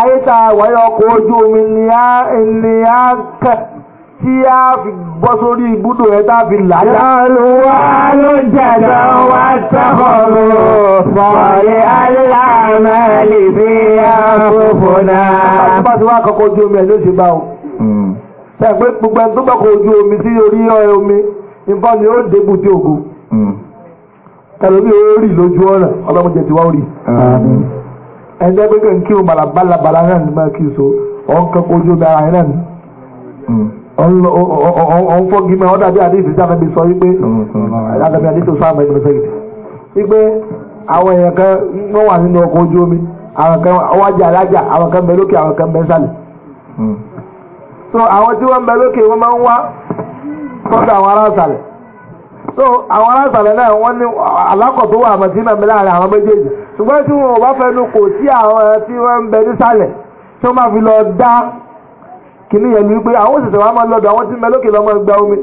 ayé tá a wáyé ọkọ̀ ojú omi ni a kẹ́. tí a fi bọ́ sórí ibùdó ẹ̀ tá a fi làájá. lọ́lù wá ló jẹ̀dá wá sábọ̀lù fọ̀lẹ̀ aláàmẹ́lì bí àfòfò náà. àtúbà tí wọ́n á kọ́kọ́ ojú omi ẹ̀ ló ṣe bá o. sẹ́yìn hmm. pé gbogbo ẹni tó gbọ́kọ̀ ojú omi sí orí ọ̀rẹ́ omi nǹkan ni ó débù tí ògo. tàbí hmm. ó rì lójú ọ̀nà ọlọ́run jẹ̀ tí wọ́n rì. ẹ̀ńdẹ́ pé kí n kírun bàlàbàlà náà ni máa kí so ọ̀nkẹ́kọ̀ọ́ ojú omi ara yẹn náà ni. Hmm. ọ̀n fọ́gi mẹ́ ọ́dàbí àdéhùn tí sọ wípé àdàbí àdéhùn sọ àmẹ́bí sọ wípé àwọn èèyàn kan wọ́n wà nínú ọkọ̀ ojú omi àwọn kan wọ́n jẹ́ alájà àwọn kan bẹ lókè àwọn kan bẹ sálẹ̀ hmm. so àwọn tí wọ́n bẹ lókè wọ́n máa ń wá sọ́dọ̀ àwọn ará sàlẹ̀ so àwọn ará náà ní láàrin àwọn méjèèjì ṣùgbọ́n tí wọn ò bá fẹnu kò sí àwọn tí ń bẹ ní tí máa fi lọ dá kìíní yẹn ni wípé àwọn òṣìṣẹ́ wa máa lọ bí àwọn tí ń bẹ lókè gba omi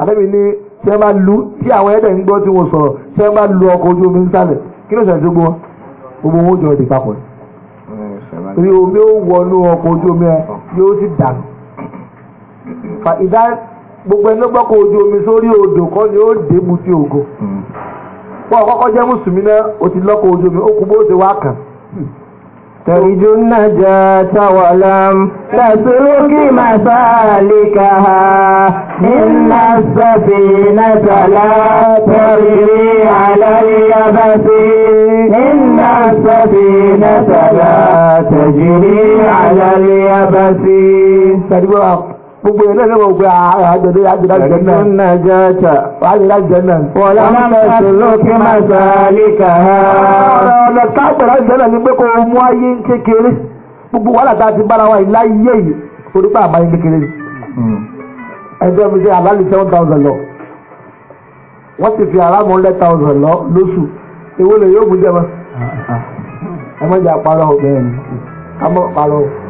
àdébí ni tí wọ́n lu tí àwọn ẹ̀dẹ̀ ń gbọ́ tí wọ́n sọ̀rọ̀ tí lu ọkọ̀ ojú omi nísàlẹ̀ kí ló ṣẹlẹ̀ tó gbọ́ gbogbo wọn jọ di papọ̀ rí omi ó wọnú ọkọ̀ ojú omi ẹ yóò dànù fa gbogbo ẹni ojú omi sórí odò kọ́ ni ó ògo kọ́kọ́ jẹ́ mùsùlùmí náà ó ti lọ́kọ̀ omi ó kú bó ṣe ترج النجاة ولم تسلك مسالكها إن السفينة لا تجري على اليبس إن السفينة لا تجري على اليبس gbogbo yẹn lẹ́nu wọ̀ pé àjọ̀dé àjọ̀dájọ̀ náà. ẹ̀sùn náà jẹ́ ọ̀tà. àjọ̀dájọ̀ náà. wọ́n á lókè máa ṣe àríkà. ọ̀nà tágbàrá ìṣẹ́ náà ni pé kò mú ayé kékeré gbogbo wàhálà tá a ti bára wa ìláyé yìí torí pé àbáyé kékeré hmm. ẹgbẹ́ mi ṣe àbálẹ̀ seven thousand lọ wọ́n fi thousand lọ lóṣù lè yóò mú ah, ah, ah. jẹ́ ẹ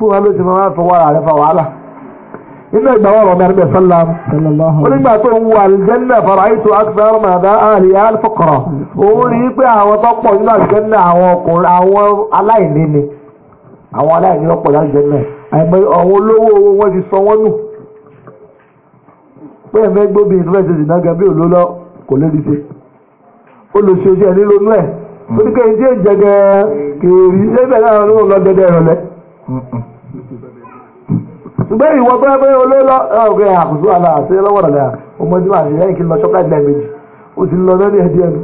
bó wọn ló ti máa fọwọ́ ara rẹ̀ fa wàhálà inú ìgbà wọn rọmọ ẹgbẹ sallam wọn nígbà tó ń wo àlìjẹ́nà fara ètò akitara màdá àlìyá alifọkọrọ òun rí i pé àwọn tó pọ̀ nínú àlìjẹ́nà àwọn ọkùnrin àwọn aláìní ni àwọn aláìní lọ́pọ̀ àlìjẹ́nà àìmọ́ àwọn olówó owó wọn ti sọ wọ́n nù pé ẹ̀mẹ́ gbóbi ìfẹ́sẹ̀ náà gẹ̀bí òló lọ kò lédi ṣe ó lọ ẹ̀ nílò nú ẹ̀ torí tí èjẹ̀gẹ̀ gbé ìwọ bẹ́ẹ̀ bẹ́ẹ̀ olóòlọ́ ọ̀gá àkùsù àlà àti ẹlọ́wọ̀ rẹ̀ ọmọdé máa ṣe lẹ́yìn kí n lọ chocolate lẹ́ẹ̀mejì ó sì ń lọ lọ́dẹ̀ díẹ̀ nu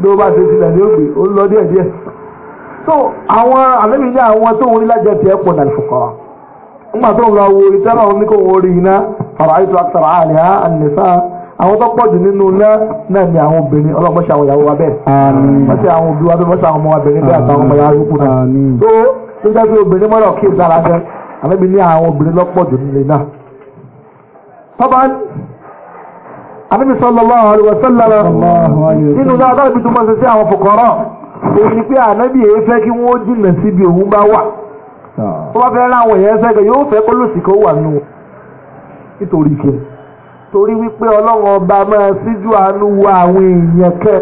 bí ó bá ṣe sílẹ̀ ní ògbé ó lọ díẹ̀ díẹ̀ so àwọn àlẹ́bí ní àwọn tó ń rí lájẹ tiẹ̀ pọ̀ náà fọkàn nígbà tó ń lọ wo ìtẹ́lá omi kò wọ́n rí iná fara àìsàn àtàrà àlẹ́ ànìsá àwọn tó pọ̀jù nínú iná náà ni àwọn obìnrin ọlọ́mọṣẹ́ àwọn ìyàwó wa bẹ́ẹ̀ mọ́ṣẹ́ àwọn obìnrin wa bẹ́ẹ̀ mọ́ṣẹ́ àwọn ọmọ wa bẹ́ẹ̀ níbẹ̀ àtàwọn ọmọ yàrá yòókù náà tó jẹ́ pé obìnrin mọ́rọ̀ kí ìdára jẹ́ àlẹ́bí ní àwọn obìnrin lọ́pọ̀ jù nílé náà. sábà àlẹ́bí sallallahu alaihi wasallam nínú náà àtàlẹ́bí tó máa ṣe sí àwọn fòkọ́rọ̀ òun ni pé àlẹ́bí èyí fẹ́ kí wọ́n jìnà síbi òun bá wà tó bá fẹ́ ráwọn èèyàn sẹ́gẹ̀ yóò fẹ́ kó lòsì kó wà nù nítorí ike torí wípé ọlọ́run ọba máa síjú àánú wo àwọn èèyàn kẹ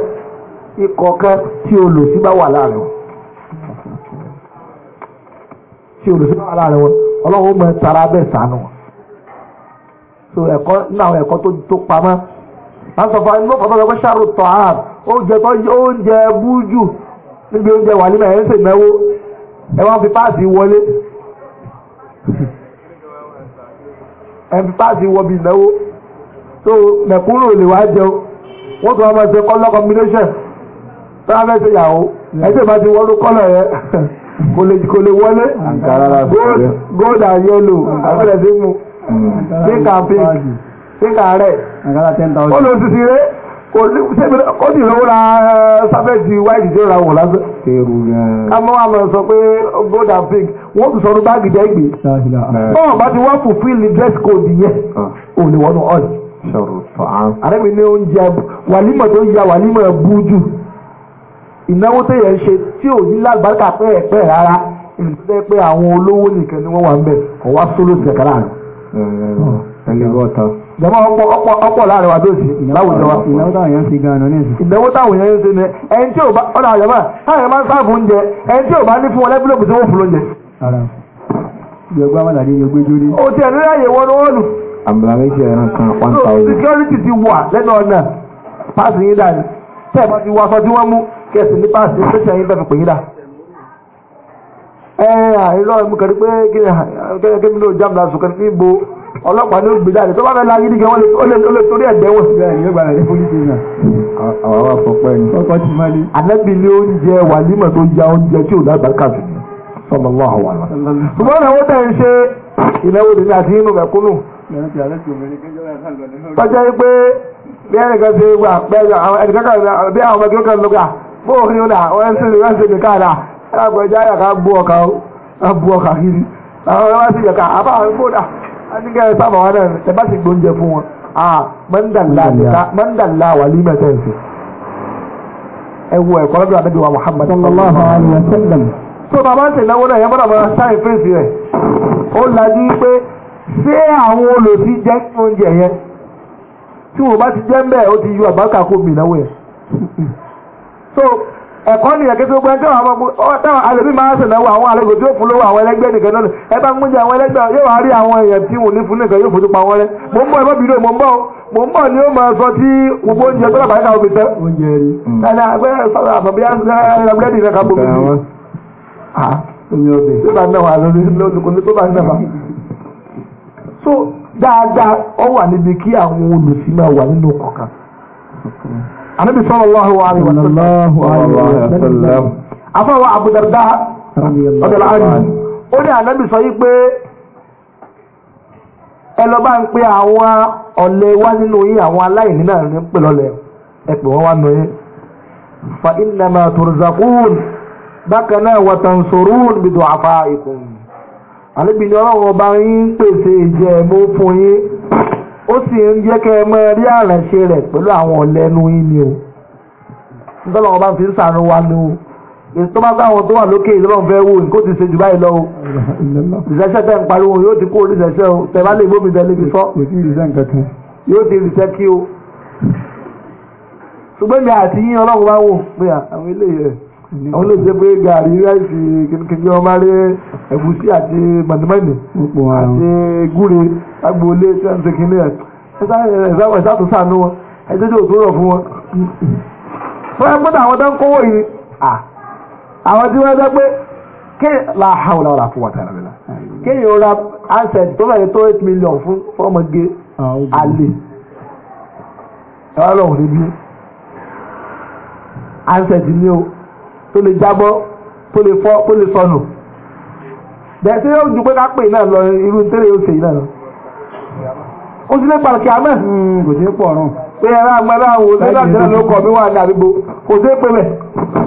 ikọ̀ kẹ tí olòsí bá wà láàrin tí olùsọ́nà ara rẹ̀ wọn ọlọ́run ó mọ tara bẹ́ẹ̀ sànù wọn. so ẹ̀kọ́ nínú àwọn ẹ̀kọ́ tó pamọ́ lásọ̀fọ̀ inú fọ́tọ́ lọ́kọ́ ṣàrò tọ̀ án oúnjẹ tó oúnjẹ bújù níbi oúnjẹ wà nímọ̀ ẹ̀ ń sè mẹ́wó ẹ wọ́n fi páàsì wọlé ẹ fi páàsì wọ bí mẹ́wó so mẹ̀kúrò lè wá o wọ́n tún wọn máa ṣe kọ́lọ́ combination tí wọ́n fẹ́ ṣe yàwó ẹ̀ sì máa ti wọ́n ló kọ́lọ̀ yẹn. kò lè wọlé gold and yellow àbẹ̀rẹ̀ sí mu pink and pink pink and red ó lọ sí sí rẹ́ ó sì lọ́wọ́ ra eh, sábẹ́ẹ̀tì white tí ó wọ̀ lásán. ká àmọ́ sọ pé gold and pink wọ́n tún sọnù báàgì jẹ́ ìgbé. bọ́ọ̀ bá ti wá fulfill dress code yẹn ò lè wọnú ọ̀ọ́dì. àrẹ́mi ní oúnjẹ wàlímọ̀ tó ya wàlímọ̀ bú jù. ìnáwó téèyàn ń ṣe tí ò ní lágbàkà pẹ́ẹ̀pẹ́ rárá ìrìnsẹ́ pé àwọn olówó nìkan ni wọ́n wà ń wa dòsí ìyàwó jọba. Ìnáwó táwọn yẹn ń fi gan-an ní ìsìn. Ìnáwó táwọn yẹn ń ṣe ni ẹni tí ò bá ọ̀nà àjọba táwọn yẹn máa ń sáàbù oúnjẹ ẹni tí ò bá ní fún wọn tí wọ́n fún O tiẹ̀ nílẹ̀ kẹsì ní páàsì sẹ́sẹ̀ yín bẹ́ẹ̀ pè yín dà ẹ àìlọ́ ẹ̀mú kẹ́rì pé kí ni ó jáàmù lásìkò kẹ́rì níbo ọlọ́pàá ní ògbé jáde tó bá fẹ́ la yídí gan ó lè torí ẹ̀dẹ́ wọ̀ sí bẹ́ẹ̀ ní ìgbà rẹ̀ fúnjì náà. àwọn àwọn afọpẹ́ ni. ọkọ ti máa ní. ànábì ní oúnjẹ wàlímọ̀ tó ya oúnjẹ tí ò lágbàkà sí ni sọmọ lọ àwọn àlọ. ṣùgbọ́n ìnáwó tẹ̀ ń ṣe ìnáwó tèmi àti inú mẹ̀kúnnù. tọ́jà yìí pé bí ẹnìkan ṣe wà bí àwọn ẹnìkan kan bí bóò ní ọ̀dà wọ́n sì wọ́n sì kẹ̀kẹ́ àdá alágbèjà yàrá bú ọkà ó bú ọkà kiri àwọn ọ̀rẹ́ wá sí yàrá àbá àgbóòdà adigun ẹ̀ sábà wọn náà ẹ̀ bá sì gbóúnjẹ fún wọn à mọ́ndàlá wàlí mẹ́tẹ̀ ẹ̀sẹ̀ ẹ wo ẹ̀kọ́ lọ́dọ̀ àdébí wa Muhammad sallallahu alayhi wa sallam tó bàbá ń tẹ̀lé wọn náà yẹn bọ́dà mọ́ sáyẹn fèsì rẹ̀ ó lajú pé ṣé àwọn olòsí jẹ́ oúnjẹ yẹn tí wọ́n bá ti jẹ́ ń ó ti yọ àbákà kó mi náwó yẹn so ẹ̀kọ́ nìyẹn kí gbogbo ẹjọ́ àwọn ọmọ táwọn alẹ́bí máa ń sìn náwó àwọn àlejò tí ó fún lówó àwọn ẹlẹ́gbẹ́ nìkan náà ẹ bá ń múnjẹ àwọn ẹlẹ́gbẹ́ yóò wá rí àwọn èèyàn tí wọ́n ní fún nìkan yóò fojú pa wọ́n rẹ́ mò ń bọ̀ ẹ bá mò ń bọ̀ mò ń bọ̀ ni ó máa sọ tí gbogbo oúnjẹ tó anabi sallallahu alayhi wa sallam afọwọ́ abudarda ọ̀dọ̀lá àjù ó ní anabi sọ yìí pé ẹ lọ bá ń pe àwọn ọ̀lẹ wá nínú yín àwọn aláìní náà ní pè lọ́lẹ̀ ẹ pè wọ́n wá nù yín fa innama turzaqun bákan náà wa tansurun bi du'afaikum anabi ni ọlọ́run ọba yín pèsè ìjẹ́ mú fún yín ó sì ń jẹ́ kẹ́ ẹ máa rí àrànṣe rẹ̀ pẹ̀lú àwọn ọ̀lẹ́nu yín ni o nítorí àwọn ọba fi ń sàánú wa ni o ètò bá bá àwọn tó wà lókè ìlọ́run fẹ́ wò nǹkó ti ṣe jù báyìí lọ o ìṣẹ́ṣẹ́ tẹ̀ ń pariwo yóò ti kó oníṣẹ́ṣẹ́ o tẹ̀ bá lè gbómi tẹ̀ lébi sọ yóò ti rìṣẹ́ kí o ṣùgbọ́n mi àti yín ọlọ́run bá wò pé àwọn eléyìí rẹ̀ àwọn ló jẹ pé gàrí ráìsì kékeré ọmọ rẹ ẹ̀gúsí àti mọ̀nìmọ̀nì àti gúre agboolé tí wọ́n ń ṣe kínní ẹ̀ ẹ̀sà tó sànú wọn ẹ̀sẹ̀ tí ò tó rọ̀ fún wọn. fúnra pé àwọn tó ń kówó yìí àwọn tí wọ́n jẹ́ pé ké làhàwùlà wàlà fún wọn tẹ̀lé la kéèyàn ra ansẹ̀t tó fẹ́ẹ́ tó eight million fún fọ́mọge àlè ẹ̀rọ lọ́wọ́ níbí ansẹ̀t ni o. tó lè jábọ́ tó lè fọ́ tó lè sọnù bẹ́ẹ̀ tí yóò ju pè náà lọ irú tẹ́lẹ̀ yóò ṣe yìí náà lọ. ó sì lè kí amẹ́. Hmm, kò sí pọ̀ pé ló kọ̀ mí ní àdúgbò kò sí pé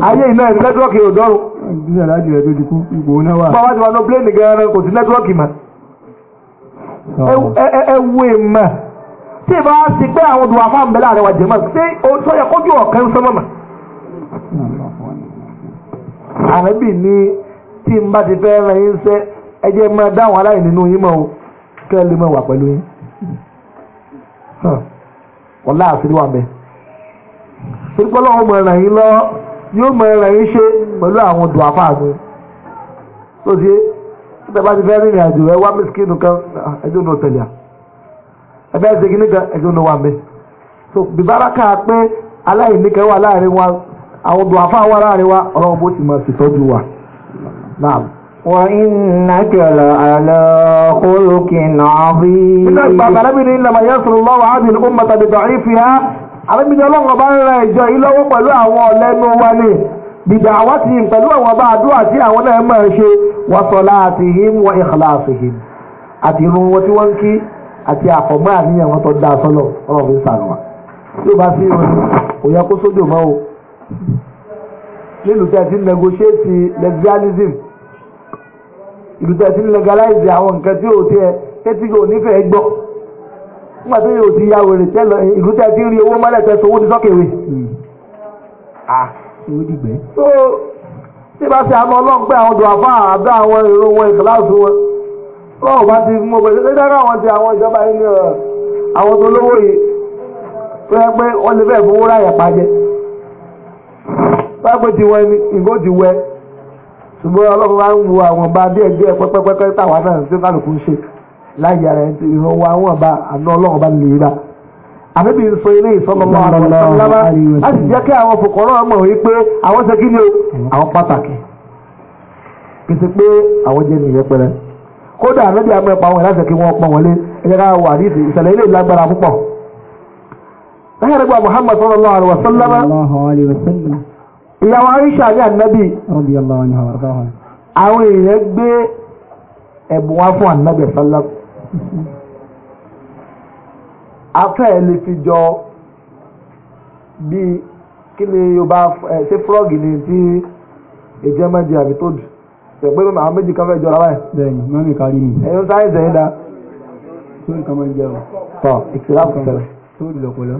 ayé nẹ́tíwọ́ọ̀kì ò dọ́rùn. ìdílé aláàjì rẹ̀ tó ti kú ipò náà wà. bàbá ti wà ní pléènì gan-an kò sí nẹ́tíwọ́ọ̀kì mà. ẹ tí ànábì ní tí n bá ti fẹ́ ràn yín sẹ́ ẹ jẹ́ máa dáhùn aláìní nínú yín mọ́ o kẹ́ ẹ lè máa wà pẹ̀lú yín wọ́lá àṣírí wà mẹ́. Ìpọ́lọ́ ọmọ ẹ̀ràn yín lọ yóò mọ ẹ̀ràn yín ṣe pẹ̀lú àwọn odò àfáàmì. Tó ti ṣe bá ti fẹ́ rìnrìn àjò ẹ wá mísíkìnù kan ẹjọ́ ní òtẹ̀lẹ̀ à. kan ẹjọ́ ní wà So pé aláìní wà láàrin wa àwọn odò àfáà wà láàrin wa ọlọ́run bó ti mọ̀ ṣètọ́jú wa. وإنك لعلى خلق عظيم إنك بابا نبي إنما ينصر الله هذه الأمة بضعيفها arábìnrin ọlọ́run ọba ń ra ìjọ yìí lọ́wọ́ pẹ̀lú àwọn ọ̀lẹ́nu wa ni bìdà àwọn ti yìn pẹ̀lú àwọn ọba àdúrà tí àwọn náà máa ń ṣe wa salatihim wa ikhlasihim àti irun wọn tí wọ́n ń kí àti àfọ̀mọ́ àníyàn wọn tó dáa sọ́lọ̀ ọlọ́run fi ń sànù wa tí ó bá sí irun kò yẹ kó sójú mọ́ o nílùú tẹ́ ti negotiate lesbianism ìlú tẹ́ ti legalize àwọn nǹkan tí ò tí ẹ tẹ́tí yóò nífẹ̀ẹ́ gbọ́ nígbà tó yóò ti ya wèrè tẹ́lọ ìlú tẹ́ ti rí owó mọ́lẹ̀ tẹ́tí owó ní sọ́kèwé. so tí bá ṣe àmọ́ ọlọ́run pé àwọn dùn àfọ́ àbẹ́ àwọn èrò wọn ìkìláàsì wọn ọlọ́run bá ti mú pẹ̀lú pé dára àwọn ti àwọn ìjọba yìí ní uh, àwọn tó lówó yìí tó yẹ pé wọ́n lè fẹ́ fowó ráyà pàjẹ́ pápẹ́ ti wọ ẹni ìgò ti wẹ ṣùgbọ́n ọlọ́run wa ń wo àwọn ọba díẹ̀ díẹ̀ pẹ́pẹ́pẹ́ táwa náà tí kálukú ń ṣe láyé ara ẹni ìran wa àwọn ọba àná ọlọ́run bá lè rà àbíbi ń sọ ilé ìsọlọmọ àwọn ọ̀sánlábá láti jẹ́ kí àwọn fòkànrọ́ mọ̀ wípé àwọn ṣe kí ni o àwọn pàtàkì kì í ṣe pé àwọn jẹ́ nìyẹn pẹ̀lẹ́ kódà ànábì àmọ́ ẹ̀pọ̀ àwọn ìlànà kí wọ́n pọ̀ wọlé ẹ̀yẹ́ ká wà ní ìṣẹ̀lẹ̀ ilé ìlágbára púpọ̀. láyé àdúgbò Muhammad sallallahu alaihi wasallam ìyàwó aríṣà ní ànábì àwọn èèyàn gbé ẹ̀bùn wá fún ànábì sálá afẹ́ ẹ̀ lè fi jọ bíi kí ni yorùbá ẹ̀ ṣé fúrọ́ọ̀gì ni tí èjẹ́ mẹ́jẹ àbí tó jù ṣe pé àwọn méjì kan fẹ́ jọra báyìí. bẹ́ẹ̀ni mọ́mí kárí mi. ẹ̀yin sáyẹ̀nsì ẹ̀yin dá. sórí kan máa ń jẹ́ tọ́ ìkìlá kò tẹ̀lé. sórí lọ́pọ̀lọ́.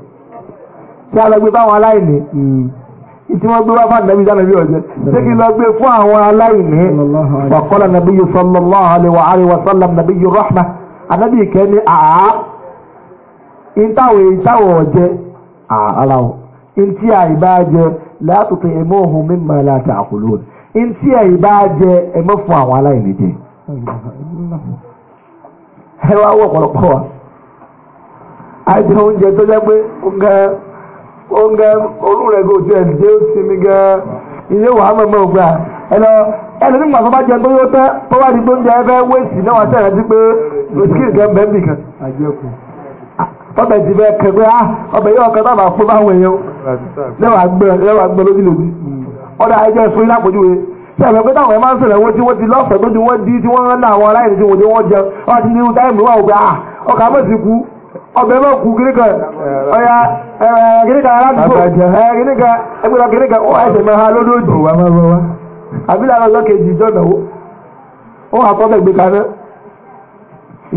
tí a lọ gbé báwọn aláìní tí wọ́n gbé wá fún ànábì sálẹ̀bí ṣé kí lọ gbé fún àwọn aláìní wàkọ́lá nàbí yìí sallallahu alaihi wa sallam nàbí yìí rahma ànábì ìkẹ́ ní àá ìtawọ̀ ìtawọ̀ ọ̀jẹ́ àhálà ọ̀ jẹ látòkè ohun láti àkùlù fún àwọn aláìní jẹ. ẹ wá oúnjẹ n òtí ẹ̀ dé sinmi gan ilé wàá mọ̀ mọ̀ gbà ẹ lọ ẹni nígbà jẹ tó yóò tẹ́ tó wá di gbóúnjẹ ẹ fẹ́ wéèsì náà wá sẹ́yìn pé bisikì kan bẹ́ẹ̀ bì kan. Ah, Ọbẹ ti fẹ́ kẹ pé ah, ọbẹ̀ yóò kẹ́ tábà fún báwọn èèyàn gbẹ lójú lòdì ìfún wọn ti di rán ọbẹ̀ ebe kú gịnị ọ̀yà gíríkà aládùúgbò gíríkà ẹgbẹ̀rún gíríkà ó ẹsẹ̀ máa ha lódòdì àbílẹ̀ àwọn ọlọ́kejì ìjọba wo ó wà fọ́ bẹ́ẹ̀ gbé kaná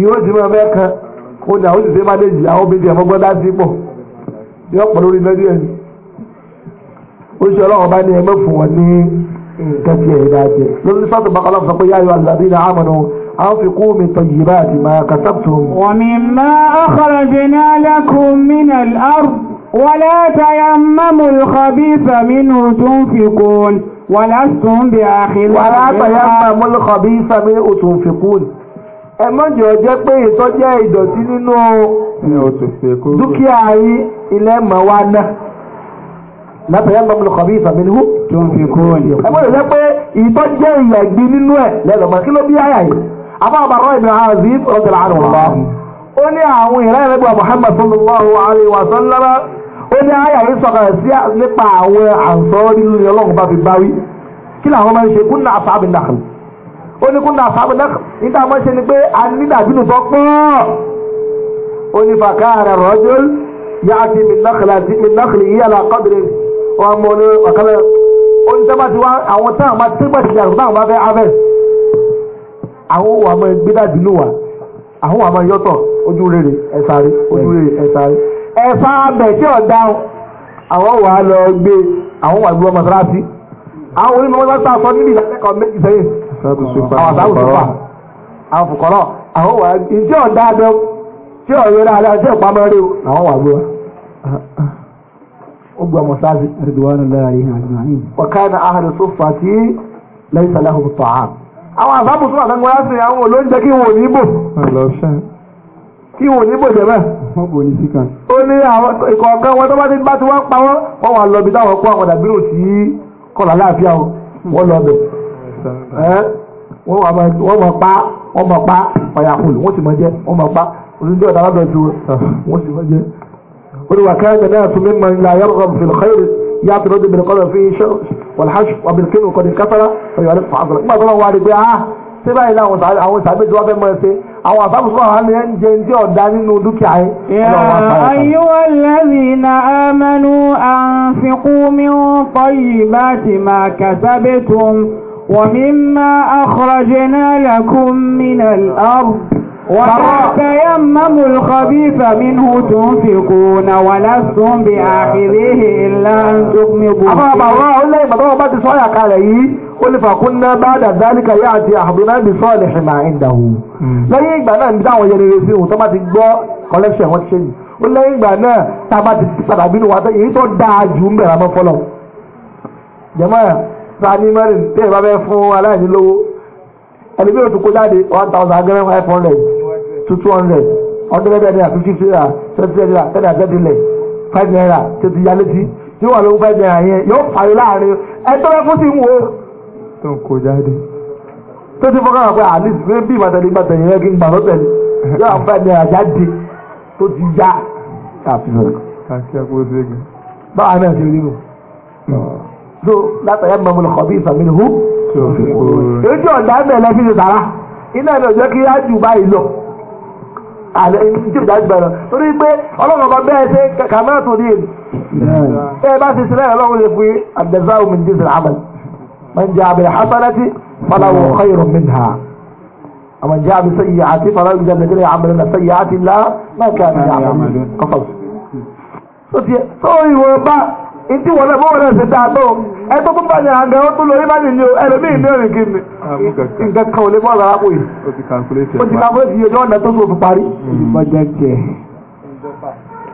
yóò di máa bẹ́ẹ̀ kan kó ní àwọn òṣìṣẹ́ mánéjì àwọn obìnrin ẹ̀fọ́ gbọ́dá sí pọ̀ yóò pọ̀ lórí lọ́dí ẹ̀yìn ó ṣe bá ní wọn ní bàkọ́lá أنفقوا من طيبات ما كسبتم ومما أخرجنا لكم من الأرض ولا تيمموا الخبيث منه تنفقون ولستم بآخر ولا تيمموا الخبيث منه تنفقون ẹ má jẹ́ ọjẹ́ pé ìtọ́jẹ́ ìdọ̀tí nínú dúkìá yìí ilẹ̀ mọ̀ wá náà látàrí ẹgbẹ́ ọmọlùkọ́ bí ìfàmìlú tó ń fi kúrò ní ọ̀pọ̀. ẹ gbọ́dọ̀ jẹ́ pé ìtọ́jẹ́ ìyàgbé nínú ẹ̀ lẹ́lọ́mọ kí ló bí àyà yìí afábàrọ̀ ibn Azib radiyallahu anhu ó ní àwọn ìran ẹ̀rẹ́gbẹ̀ Muhammad sallallahu alaihi wa sallam ó ní àyà yìí sọ̀kalẹ̀ sí nípa àwọn àǹsọ́rí ní ọlọ́run bá fi báwí kí làwọn máa ń ṣe kúnnà ashabin nakhl ó ní kúnnà ashabin nakhl níta máa ń ṣe ni pé a ní dàbínú tó pọ̀ ó ní fakana rajul ya'ti min nakhlihi ala qadri wọn mọ̀ ní ọ̀kẹ́lẹ̀ ó ní sábà ti wá àwọn táwọn máa tẹ́gbàtì àwọn ohun àmọ́ ẹgbẹ́ dàbí ló wà àwọn ohun àmọ́ ojú ẹ̀sàrí ojú ẹ̀sàrí ẹ̀fà abẹ̀ tí ọ̀dà àwọn wà á lọ gbé àwọn wà gbé mọ́sálásí àwọn onímọ̀ mọ́sálásí àsọ níbi ìlàkẹ́kọ̀ọ́ méjì sẹ́yìn àwọn àtàwọn àwọn fòkànlọ́ àwọn wà abẹ́ tí alẹ́ àti ìpamọ́ àwọn wà àwọn àbábù tó wà fẹ́ gbọ́dá sí àwọn olóúnjẹ kí wọn ò ní bò. kí wọn ò ní bò jẹ́bẹ̀. ó ní àwọn ìkọ̀ọ̀kan wọn tó bá ti bá ti wá pa wọ́n wọ́n wà lọ bí táwọn kó àwọn dàbí òsì kọ̀ọ̀lá láàfíà o wọ́n lọ bẹ̀. wọ́n mọ̀ pa wọ́n mọ̀ pa ọ̀yàkùn wọ́n sì mọ̀ jẹ́ wọ́n mọ̀ pa olùdíjọ́ ọ̀dà lọ́dọ̀ ju wọ́n sì mọ̀ jẹ́. ó ní wà káyọ̀ náà tún mímọ̀ ilẹ̀ ayọ́rọ̀ wàlhásù wàbìlkínú kọ́ni káfárá ọ̀yọ́ rẹ̀ fàáfàrà nígbà tó wọn wá rí pé ah ṣé báyìí láwọn àwọn sàbẹ̀ tí wọ́n fẹ́ mọ̀ ẹ́ ṣe àwọn àbábùsọ̀ àwọn ẹ̀ ń jẹ ń jẹ́ ọ̀dá nínú dúkìá yẹn. ayúwà lẹ́yìn amẹ́nu àǹfikúnmíhún tọ́yì bá ti máa kàtàbẹ́tùn wọ̀mí máa àkọ́rọ̀jẹ̀ náà lẹ́kùn mí وتيمموا الخبيث منه تنفقون ولستم بآخذه إلا أن تغمضوا أبا الله إلا ما ضرب بعد صايع قال إيه قل فكنا بعد ذلك يأتي أحدنا بصالح ما عنده lẹ́yìn ìgbà náà níta àwọn yẹnìyẹn sí òun tó bá ti gbọ́ collection wọn ṣe yìí ó lẹ́yìn ìgbà náà tá a bá ti padà bínú wa èyí tó dáa jù ń bẹ̀rẹ̀ àmọ́ fọlọ́ jẹ́mọ́ ẹ̀ sani mẹ́rin tẹ́ ẹ bá fẹ́ fún aláìnílówó ẹni bí òtún kó jáde one thousand agẹ́rẹ́ five hundred to two hundred ọdún ẹgbẹ́ náírà fifty naira twenty naira ten naira thirty naira five naira tètè ya létí yóò wà lóhun five naira yẹn yóò fàyè láàrin ẹjọ́ bẹ́ẹ̀ fún sí wo tó ń kó jáde tó ti fọ́kàn pé àní ìsinmi bí ìbàtẹ̀lẹ̀ ìbàtẹ̀lẹ̀ yẹn kí n gbà lọ́tẹ̀lẹ̀ yóò wà five naira jáde tó ti já àfihàn. báwa náà ti rí nù. so látàyà mọ̀mọ́lẹ̀ kọ̀bí ìsàmìlì hù ètò ọ̀dà mẹ́lẹ̀ fi ṣe sàrà iná ẹ̀rọ jẹ́ kí á jù báyìí lọ àlẹ́ ìjì ìdájú bẹ̀rẹ̀ torí pé ọlọ́run ọba bẹ́ẹ̀ ṣe kàkà mẹ́rin tó ní èmi bẹ́ẹ̀ bá ṣe sílẹ̀ ọlọ́run lè fi àdẹ̀sá omi ní ìsìn àmàlì man jẹ́ abẹ́rẹ́ hasanati falawo khayrun minha àmọ́ jẹ́ abẹ́ sẹ́yìn àti falawo ìjà nàìjíríà àmàlì nà sẹ́yìn àti ńlá náà kí ìdí wọn náà bọ́wọ́ náà ṣe dáa tó ẹ tó bá yàn àgbẹ̀ ó tún bá yìí o ẹlòmíì ní òrìn kìíní. Ah, nǹkan kan ò lè bọ́ ọ̀rọ̀ àpò yìí. o ti kàkúlẹ̀tì o ti kàkúlẹ̀tì yìí ojú ọ̀nà tó tó fi parí. ìbọ̀jẹ̀ hmm. tiẹ̀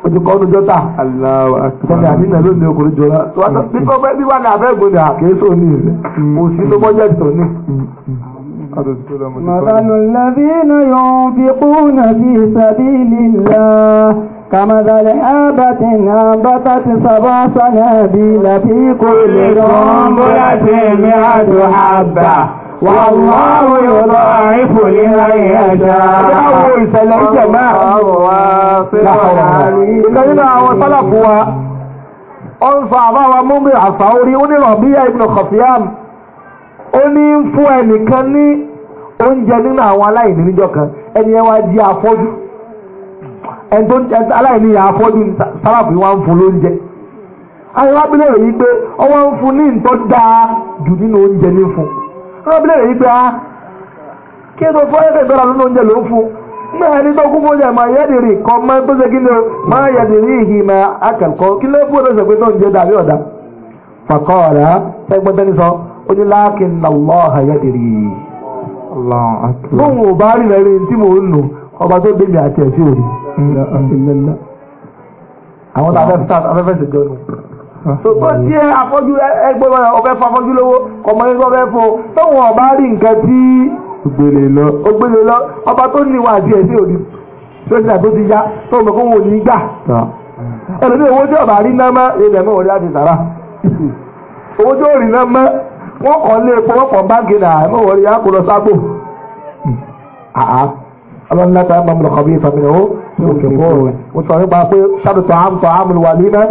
o ti kọ́ ọdún jọ́ta. aláwọ̀ akíkọ́ ní àmì náà okòrò jọra. bí wọ́n hmm. bí wọ́n ní abẹ́gbọ̀n ní àkẹ́sọ̀ ní ìlẹ̀ مثل الذين ينفقون في سبيل الله كمثل حابة أنبتت سبع سنابل في كل سنبلة مئة حبة والله يضاعف لمن يشاء àwọn ìṣẹ̀lẹ̀ ìjẹ̀má ìkan nínú àwọn sálàfù wa ó ń fa àbáwa múmi àfà orí ó ní Rabi'a ibn Khafiyam ó ní fún ẹnìkan ní oúnjẹ nínú àwọn aláìní níjọ́ kan ẹni ẹ wá di afọ́jú ẹni tó aláìní yà afọ́jú sábàbí wá ń fún lóúnjẹ àwọn rẹ̀ yìí pé ọwọ́ ń fún ní nǹkan dáa jù nínú oúnjẹ ní fún arábìnrin rẹ̀ pé a ah, kí ètò fún ẹgbẹ́ ìgbéra lónìí oúnjẹ ló ń fún mẹ ẹni tó kún fún oúnjẹ máa dìrì tó ṣe kí ni máa yẹ dìrì bóun ò bá rí rẹ̀ tí mò ń lò ọba tó gbé mi àti ẹ̀sìn òní. àwọn tá a fẹ́ fẹ́ jọ nù. tó tí ẹ afọ́jú ẹgbẹ́ ọbẹ̀ fún afọ́jú lówó ọmọ yẹn tó fẹ́ fún o tóun ọba rí nǹkan tí ògbélé lọ ọba tó ní ìwà àti ẹ̀sìn òní tó ti àtó ti yá tó mọ̀ kó wọn ò ní gbà. ẹlòmíràn owó tí ọba rí náà mọ́ ilẹ̀ mọ́ òní láti sàrà owó tí ó wọ́n kọ́ lé epo wọ́n kọ́ báàgì náà ẹ̀ mọ̀ wọlé yàgò lọ sábò. ọlọ́run láti ayé mamlọ̀ kọ́ bí ìfàmìlì ó ní òkè bọ́ọ̀lù mo sọ nípa pé ṣáàtú tó àmì tó àmì wà lílẹ̀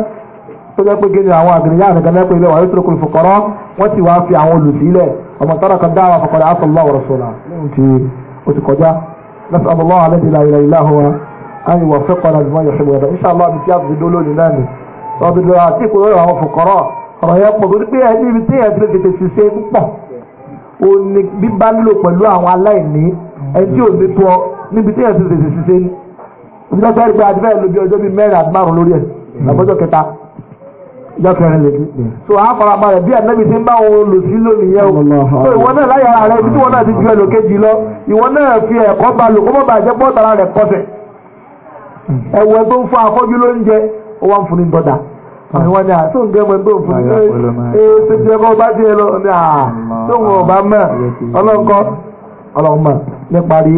tó jẹ́ pé gẹ́gẹ́ àwọn àgbẹ̀rẹ̀ yára nìkan lẹ́pẹ́ ilé wà yóò tó kù fòkọ́rọ́ wọ́n ti wá fi àwọn olùsílẹ̀ ọmọ tọ́rọ kan dáhùn àfọkọ́rẹ́ àfọlọ́ ọ̀rọ̀ sọ̀rọ̀ نسأل الله الذي لا إله هو أن يوفقنا لما يحب ويرضى إن شاء الله بسياق بدولون نامي وبالعتيق ويرى وفقراء ọ̀rọ̀ yẹn pọ̀ torí pé ẹni ibi tí èèyàn ti lè tètè ṣiṣẹ́ púpọ̀ o ní bíbá nílò pẹ̀lú àwọn aláìní ẹni tí ò ní tó ọ níbi tí èèyàn ti lè tètè ṣiṣẹ́ ní. ìjọ sọ́ọ́rì pé àti bẹ́ẹ̀ lo bí ọjọ́ bíi mẹ́rin àti márùn-ún lórí ẹ̀ lọ́jọ́ kẹta ìjọ kẹrin lè di. so a fara balẹ̀ bí ẹ̀nẹ́bi ti ń bá wọn lò sí lónìí yẹn o. so ìwọ náà láyà ara ibi tí wọn náà ti ju ẹlòkejì lọ ìwọ náà fi ẹ̀kọ́ ba lò kó má bàa jẹ́ pọ́ọ̀tà rẹ̀ kọsẹ̀. ẹ̀wọ̀ tó ń fún afọ́jú lóúnjẹ ó wà ń fún ní dọ́dà àwọn ni àtún gẹ́mọ̀ tó fún ní ee tó jẹ́ kọ́ bá tiẹ̀ lọ ní à tó wọn ọba mọ̀ ọlọ́kọ́ ọlọ́mọ níparí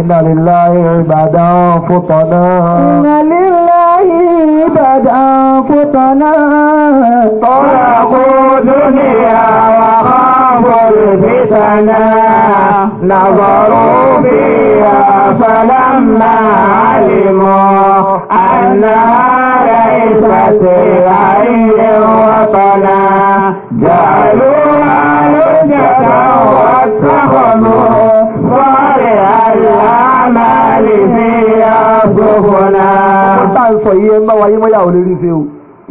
iná lílá ìbàdàn fótó náà. iná lílá ìbàdàn fótó náà. tọ́lá kó dúnìyà wà máa bọ̀ lóbi tánà. نظروا فيها فلما كيف ترعي وطنا جعلوها لجة واتخذوا صالح الأعمال فيها سفنا. Wọ́n tá ń sọ yìí ẹ ń bá wáyé mọ́yà ò lè rí fi o.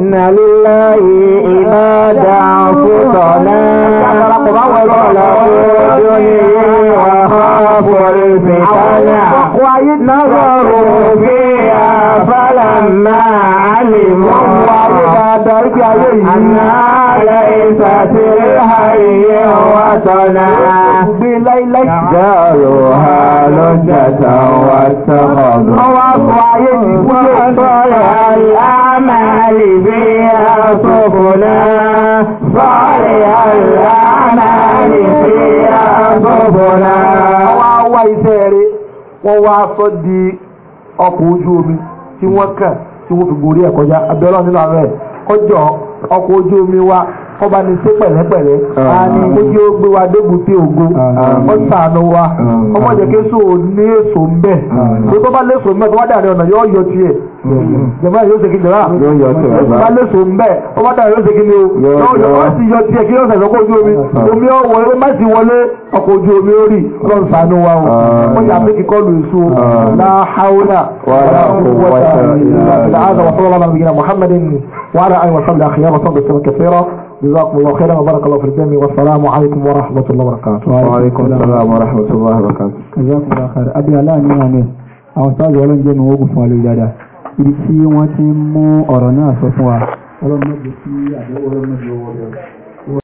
inna lillahi ibada futana ọlọ́dún yìí wà fún ìfìtánà náà rọrùn bíi. فلما علموا الله عليه أنا ليس في الحي وطنا قالوا جعلوها لجة واتخذوا وطلع الأعمال بها سفنا فعلي الأعمال بها سفنا وهو يسيري وهو صديق ọkọ̀ ojú omi tí wọ́n kàn tí wọ́n fi gorí ẹ̀ kọjá abẹ́rẹ́ nínú ààrẹ kọjọ ọkọ̀ ojú omi wa kọba ní sí pẹ̀lẹ́pẹ̀lẹ́ àní ojú ó wa débùté ògo ọ̀sánú wa ọmọdé késo ní èso ń bẹ̀ tó jọba yóò ṣe kí jọba bá lóṣù ń bẹ ọba tàbí yóò ṣe kí ni o yóò sì yọ tiẹ̀ kí yóò ṣẹ̀ṣẹ̀ kó ojú omi omi ọ̀wọ́ ẹ má sì wọlé ọkọ̀ ojú omi ó rì lọ́n sànú wa o wọ́n ti àpékì kọlù èso láhàúnà وعلى آله وصحبه أخيار وصحبه وسلم كثيرا جزاكم الله خيرا وبارك الله في الجميع والسلام عليكم ورحمة الله وبركاته وعليكم السلام ورحمة الله وبركاته جزاكم الله خير أبي الله نعمه أو أستاذ ولن جن وقف ولي ibi tí wọ́n ti ń mú ọ̀rọ̀ náà sọ fún wa ọlọ́mọdé sí àdéhùn ọlọ́mọdé owó rẹ̀.